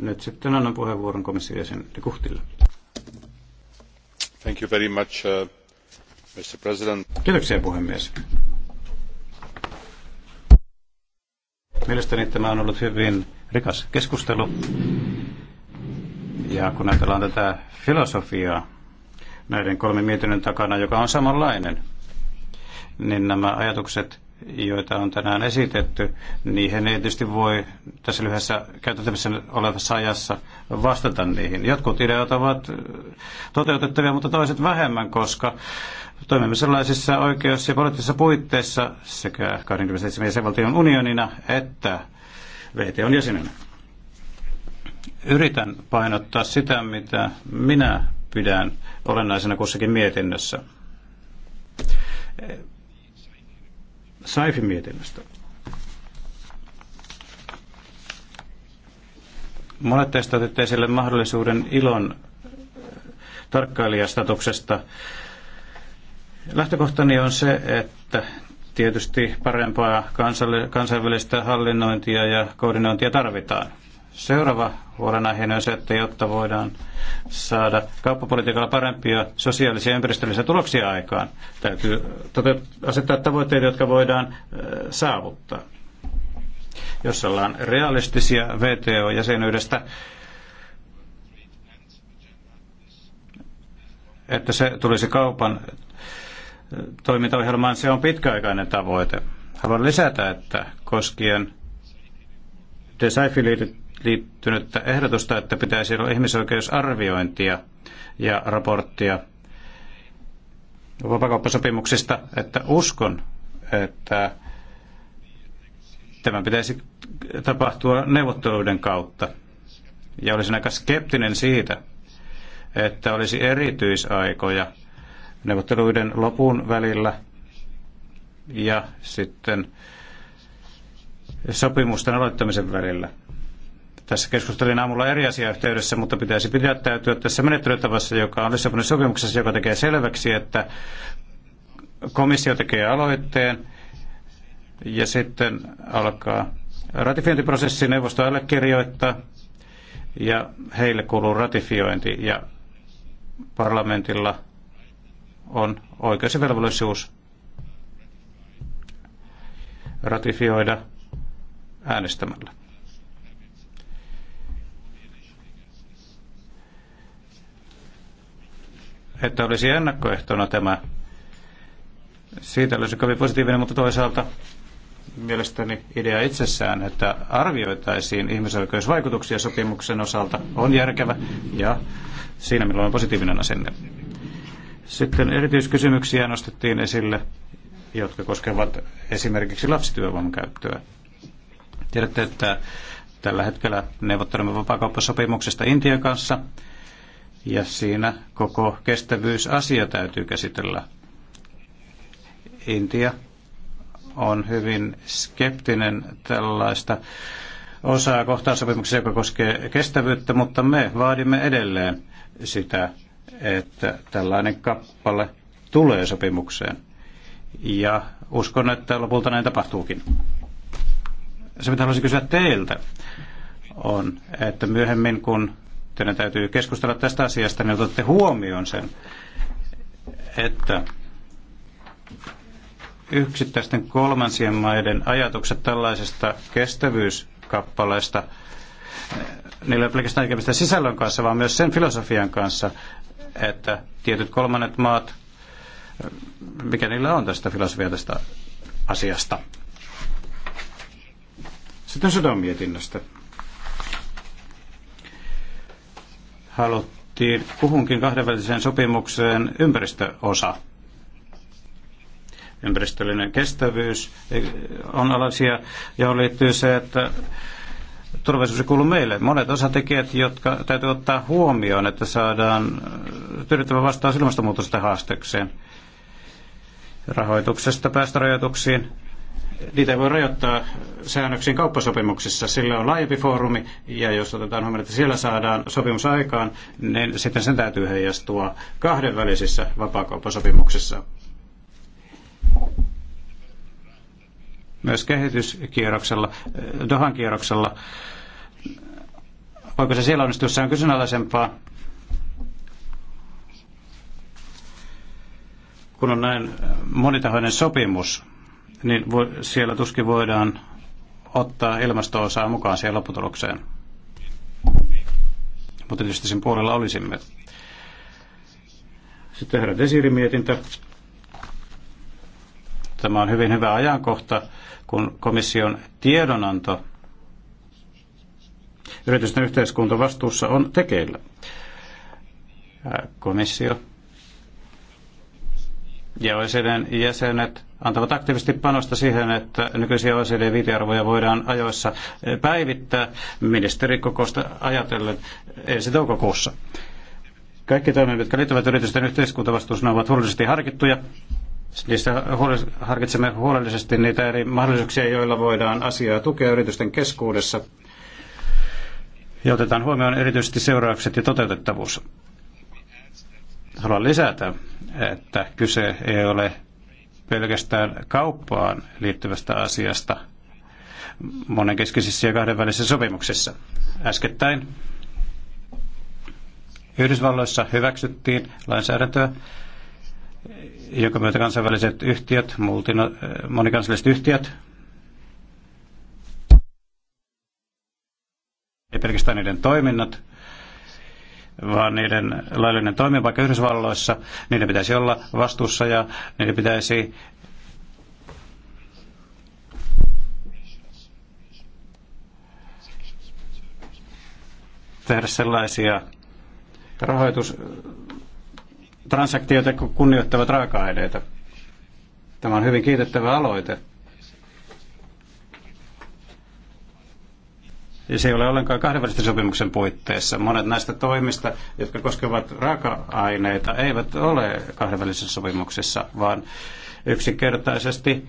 Nyt sitten annan puheenvuoron komission jäsen Kuhtille. Thank you very much, uh, Mr. President. Kiitoksia puhemies. Mielestäni tämä on ollut hyvin rikas keskustelu. Ja kun ajatellaan tätä filosofiaa näiden kolmen mietinnön takana, joka on samanlainen, niin nämä ajatukset joita on tänään esitetty, niihin ei tietysti voi tässä lyhyessä käytettävissä olevassa ajassa vastata niihin. Jotkut ideat ovat toteutettavia, mutta toiset vähemmän, koska toimimme sellaisissa oikeus- ja poliittisissa puitteissa sekä 27 jäsenvaltion unionina että VTOn jäsenenä. Yritän painottaa sitä, mitä minä pidän olennaisena kussakin mietinnössä Saifin mietinnöstä. Monet teistä otitte esille mahdollisuuden ilon äh, tarkkailijastatuksesta. Lähtökohtani on se, että tietysti parempaa kansainvälistä hallinnointia ja koordinointia tarvitaan. Seuraava huolenaiheena on se, että jotta voidaan saada kauppapolitiikalla parempia sosiaalisia ja ympäristöllisiä tuloksia aikaan, täytyy asettaa tavoitteita, jotka voidaan saavuttaa. Jos ollaan realistisia VTO-jäsenyydestä, että se tulisi kaupan toimintaohjelmaan, se on pitkäaikainen tavoite. Haluan lisätä, että koskien desafiliitit liittynyttä ehdotusta, että pitäisi olla ihmisoikeusarviointia ja raporttia vapakauppasopimuksista, että uskon, että tämän pitäisi tapahtua neuvotteluiden kautta. Ja olisin aika skeptinen siitä, että olisi erityisaikoja neuvotteluiden lopun välillä ja sitten sopimusten aloittamisen välillä. Tässä keskustelin aamulla eri asiayhteydessä, mutta pitäisi pidättäytyä tässä menettelytavassa, joka on Lissabonin sopimuksessa, joka tekee selväksi, että komissio tekee aloitteen ja sitten alkaa ratifiointiprosessi neuvosto allekirjoittaa ja heille kuuluu ratifiointi ja parlamentilla on oikeus ja velvollisuus ratifioida äänestämällä. että olisi ennakkoehtona tämä. Siitä olisi kovin positiivinen, mutta toisaalta mielestäni idea itsessään, että arvioitaisiin ihmisoikeusvaikutuksia sopimuksen osalta, on järkevä ja siinä milloin on positiivinen asenne. Sitten erityiskysymyksiä nostettiin esille, jotka koskevat esimerkiksi lapsityövoiman käyttöä. Tiedätte, että tällä hetkellä neuvottelemme vapaakauppasopimuksesta Intian kanssa – ja siinä koko kestävyysasia täytyy käsitellä. Intia on hyvin skeptinen tällaista osaa kohtaansopimuksessa, joka koskee kestävyyttä, mutta me vaadimme edelleen sitä, että tällainen kappale tulee sopimukseen. Ja uskon, että lopulta näin tapahtuukin. Se, mitä haluaisin kysyä teiltä, on, että myöhemmin kun Teidän täytyy keskustella tästä asiasta, niin otatte huomioon sen, että yksittäisten kolmansien maiden ajatukset tällaisesta kestävyyskappaleesta, niillä ei pelkästään tekemistä sisällön kanssa, vaan myös sen filosofian kanssa, että tietyt kolmannet maat, mikä niillä on tästä filosofia tästä asiasta. Sitten sodan mietinnöstä. haluttiin kuhunkin kahdenväliseen sopimukseen ympäristöosa. Ympäristöllinen kestävyys eh, on alaisia, johon liittyy se, että turvallisuus ei kuulu meille. Monet osatekijät, jotka täytyy ottaa huomioon, että saadaan eh, tyydyttävä vastaus ilmastonmuutosta haastekseen. Rahoituksesta päästörajoituksiin niitä ei voi rajoittaa säännöksiin kauppasopimuksissa. Sillä on laajempi foorumi, ja jos otetaan huomioon, että siellä saadaan sopimus aikaan, niin sitten sen täytyy heijastua kahdenvälisissä vapaakauppasopimuksissa. Myös kehityskierroksella, Dohan kierroksella, voiko se siellä onnistua, se on kysynalaisempaa. Kun on näin monitahoinen sopimus, niin vo, siellä tuskin voidaan ottaa ilmasto-osaa mukaan siihen lopputulokseen. Mutta tietysti sen puolella olisimme. Sitten herra Desirimietintö. Tämä on hyvin hyvä ajankohta, kun komission tiedonanto yritysten yhteiskuntavastuussa on tekeillä. Komissio ja OECDn jäsenet antavat aktiivisesti panosta siihen, että nykyisiä OECD-viitearvoja voidaan ajoissa päivittää ministerikokousta ajatellen ensi toukokuussa. Kaikki toimet, jotka liittyvät yritysten yhteiskuntavastuuseen, ovat huolellisesti harkittuja. Niistä harkitsemme huolellisesti niitä eri mahdollisuuksia, joilla voidaan asiaa tukea yritysten keskuudessa. Ja otetaan huomioon erityisesti seuraukset ja toteutettavuus. Haluan lisätä, että kyse ei ole pelkästään kauppaan liittyvästä asiasta monenkeskisissä ja kahdenvälisissä sopimuksissa. Äskettäin Yhdysvalloissa hyväksyttiin lainsäädäntöä, joka myötä kansainväliset yhtiöt, multino, monikansalliset yhtiöt, ei pelkästään niiden toiminnot, vaan niiden laillinen toimipaikka Yhdysvalloissa, niiden pitäisi olla vastuussa ja niiden pitäisi tehdä sellaisia rahoitustransaktioita, jotka kunnioittavat raaka-aineita. Tämä on hyvin kiitettävä aloite. Se ei ole ollenkaan kahdenvälisten sopimuksen puitteissa. Monet näistä toimista, jotka koskevat raaka-aineita, eivät ole kahdenvälisissä sopimuksissa, vaan yksinkertaisesti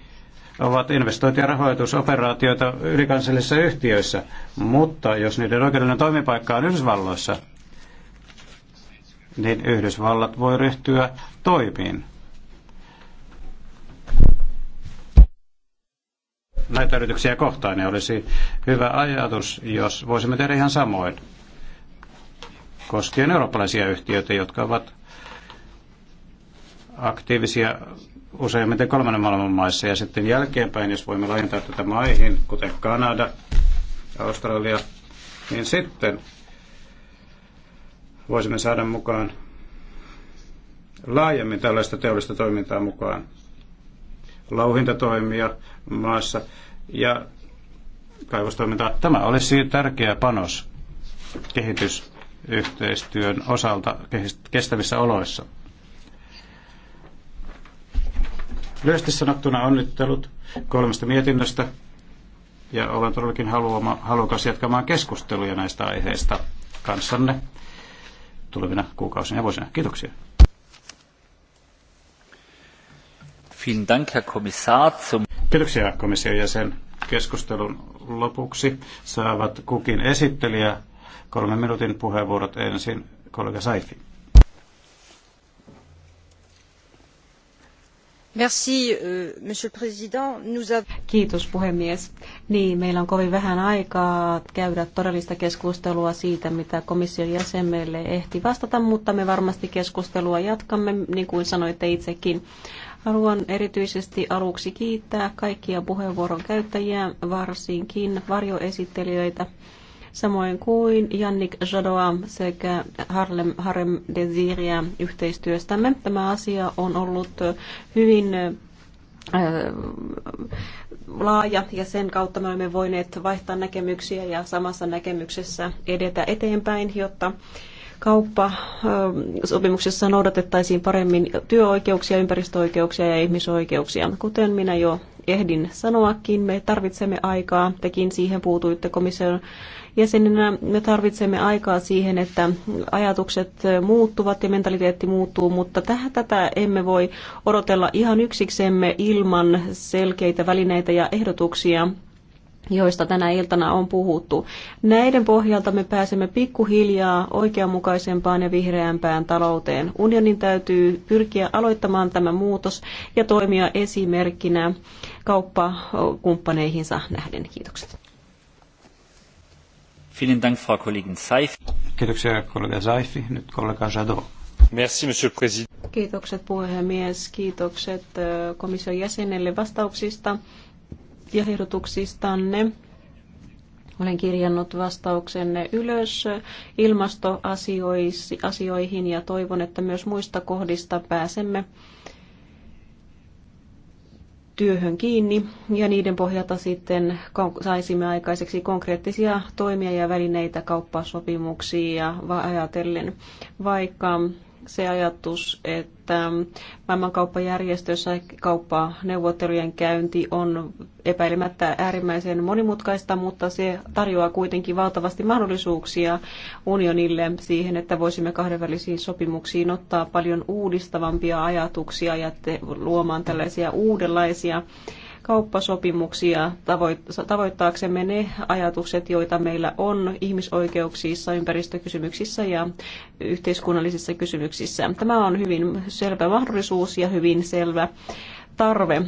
ovat investointi- ja rahoitusoperaatioita ylikansallisissa yhtiöissä, mutta jos niiden oikeudellinen toimipaikka on Yhdysvalloissa, niin Yhdysvallat voi ryhtyä toimiin näitä yrityksiä kohtaan, niin olisi hyvä ajatus, jos voisimme tehdä ihan samoin koskien eurooppalaisia yhtiöitä, jotka ovat aktiivisia useimmiten kolmannen maailman maissa. Ja sitten jälkeenpäin, jos voimme laajentaa tätä maihin, kuten Kanada, Australia, niin sitten voisimme saada mukaan laajemmin tällaista teollista toimintaa mukaan louhintatoimia maassa ja kaivostoimintaa. Tämä olisi tärkeä panos kehitysyhteistyön osalta kestävissä oloissa. Lyhyesti sanottuna onnittelut kolmesta mietinnöstä ja olen todellakin haluama, halukas jatkamaan keskusteluja näistä aiheista kanssanne tulevina kuukausina ja vuosina. Kiitoksia. Kiitoksia komission jäsen. Keskustelun lopuksi saavat kukin esittelijä kolme minuutin puheenvuorot ensin kollega Saifi. Euh, Kiitos puhemies. Niin, meillä on kovin vähän aikaa käydä todellista keskustelua siitä, mitä komission jäsen ehti vastata, mutta me varmasti keskustelua jatkamme, niin kuin sanoitte itsekin. Haluan erityisesti aluksi kiittää kaikkia puheenvuoron käyttäjiä, varsinkin varjoesittelijöitä, samoin kuin Jannik Jadoa sekä Harlem, Harem Desiria yhteistyöstämme. Tämä asia on ollut hyvin laaja ja sen kautta me olemme voineet vaihtaa näkemyksiä ja samassa näkemyksessä edetä eteenpäin, jotta kauppasopimuksessa noudatettaisiin paremmin työoikeuksia, ympäristöoikeuksia ja ihmisoikeuksia. Kuten minä jo ehdin sanoakin, me tarvitsemme aikaa, tekin siihen puutuitte komission jäsenenä, me tarvitsemme aikaa siihen, että ajatukset muuttuvat ja mentaliteetti muuttuu, mutta tähän tätä emme voi odotella ihan yksiksemme ilman selkeitä välineitä ja ehdotuksia joista tänä iltana on puhuttu. Näiden pohjalta me pääsemme pikkuhiljaa oikeanmukaisempaan ja vihreämpään talouteen. Unionin täytyy pyrkiä aloittamaan tämä muutos ja toimia esimerkkinä kauppakumppaneihinsa nähden. Kiitokset. Vielen Dank, Frau Kollegin Seifi. Kiitoksia, kollega Saifi, Nyt kollega Jadot. Merci, monsieur le président. Kiitokset puhemies, kiitokset komission jäsenelle vastauksista ja ehdotuksistanne. Olen kirjannut vastauksenne ylös ilmastoasioihin ja toivon, että myös muista kohdista pääsemme työhön kiinni ja niiden pohjalta sitten saisimme aikaiseksi konkreettisia toimia ja välineitä kauppasopimuksiin ja ajatellen, vaikka se ajatus, että maailmankauppajärjestössä kauppaneuvottelujen käynti on epäilemättä äärimmäisen monimutkaista, mutta se tarjoaa kuitenkin valtavasti mahdollisuuksia unionille siihen, että voisimme kahdenvälisiin sopimuksiin ottaa paljon uudistavampia ajatuksia ja luomaan tällaisia uudenlaisia kauppasopimuksia tavoittaaksemme ne ajatukset, joita meillä on ihmisoikeuksissa, ympäristökysymyksissä ja yhteiskunnallisissa kysymyksissä. Tämä on hyvin selvä mahdollisuus ja hyvin selvä tarve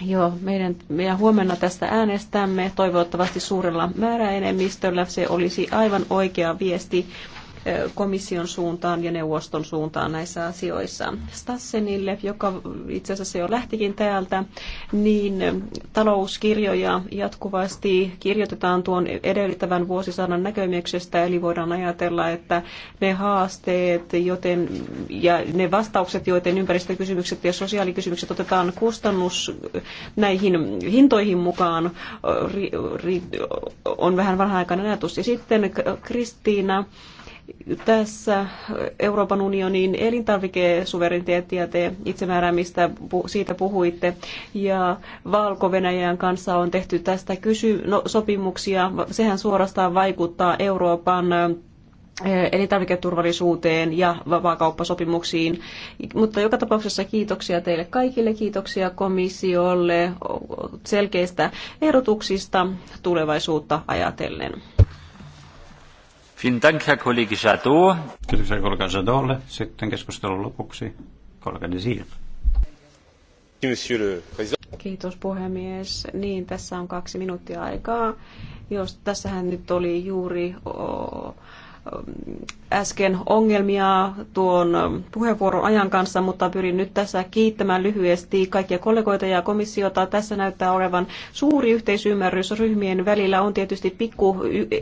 Joo, meidän, meidän huomenna tästä äänestämme toivottavasti suurella määräenemmistöllä. Se olisi aivan oikea viesti komission suuntaan ja neuvoston suuntaan näissä asioissa. Stassenille, joka itse asiassa jo lähtikin täältä, niin talouskirjoja jatkuvasti kirjoitetaan tuon edellyttävän vuosisadan näkemyksestä, eli voidaan ajatella, että ne haasteet joten, ja ne vastaukset, joiden ympäristökysymykset ja sosiaalikysymykset otetaan kustannus näihin hintoihin mukaan, on vähän vanha-aikainen ajatus. Ja sitten Kristiina tässä Euroopan unionin elintarvikesuvereniteettia te itsemääräämistä siitä puhuitte ja Valko-Venäjän kanssa on tehty tästä kysy- no, sopimuksia. Sehän suorastaan vaikuttaa Euroopan elintarviketurvallisuuteen ja vapaakauppasopimuksiin. Mutta joka tapauksessa kiitoksia teille kaikille, kiitoksia komissiolle selkeistä ehdotuksista tulevaisuutta ajatellen. Sitten keskustelun lopuksi Desir. Kiitos puhemies. Niin, tässä on kaksi minuuttia aikaa. Jos, tässähän nyt oli juuri... Oh, äsken ongelmia tuon puheenvuoron ajan kanssa, mutta pyrin nyt tässä kiittämään lyhyesti kaikkia kollegoita ja komissiota. Tässä näyttää olevan suuri yhteisymmärrys ryhmien välillä. On tietysti pikku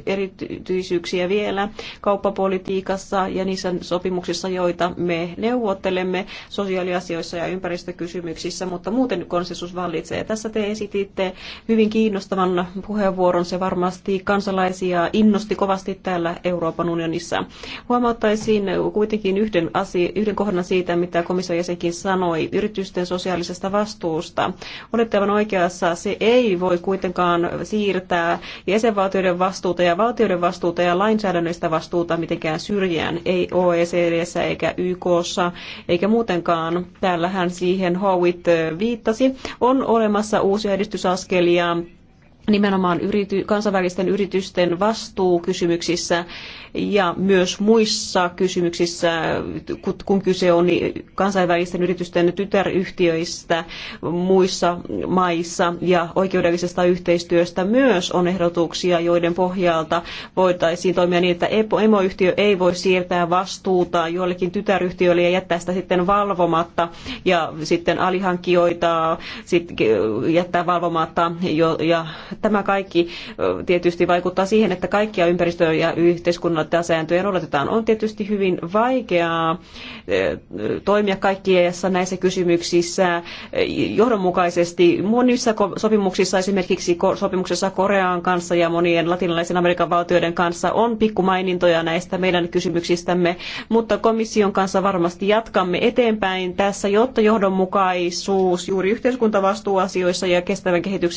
erityisyyksiä vielä kauppapolitiikassa ja niissä sopimuksissa, joita me neuvottelemme sosiaaliasioissa ja ympäristökysymyksissä, mutta muuten konsensus vallitsee. Tässä te esititte hyvin kiinnostavan puheenvuoron. Se varmasti kansalaisia innosti kovasti täällä Euroopan unionissa. Huomauttaisin kuitenkin yhden, asia, yhden kohdan siitä, mitä komission jäsenkin sanoi yritysten sosiaalisesta vastuusta. Olette aivan oikeassa, se ei voi kuitenkaan siirtää jäsenvaltioiden vastuuta ja valtioiden vastuuta ja lainsäädännöistä vastuuta mitenkään syrjään, ei OECDssä eikä YKssa eikä muutenkaan. Täällähän siihen Howitt viittasi. On olemassa uusia edistysaskelia nimenomaan yrity, kansainvälisten yritysten vastuukysymyksissä ja myös muissa kysymyksissä, kun kyse on kansainvälisten yritysten tytäryhtiöistä muissa maissa ja oikeudellisesta yhteistyöstä myös on ehdotuksia, joiden pohjalta voitaisiin toimia niin, että emoyhtiö e ei voi siirtää vastuuta jollekin tytäryhtiölle ja jättää sitä sitten valvomatta ja sitten alihankijoita jättää valvomatta ja Tämä kaikki tietysti vaikuttaa siihen, että kaikkia ympäristö- ja yhteiskunnallisia sääntöjä noudatetaan. On tietysti hyvin vaikeaa toimia kaikkiessa näissä kysymyksissä johdonmukaisesti. Monissa sopimuksissa, esimerkiksi sopimuksessa Korean kanssa ja monien latinalaisen Amerikan valtioiden kanssa, on pikkumainintoja näistä meidän kysymyksistämme, mutta komission kanssa varmasti jatkamme eteenpäin tässä, jotta johdonmukaisuus juuri yhteiskuntavastuuasioissa ja kestävän kehityksen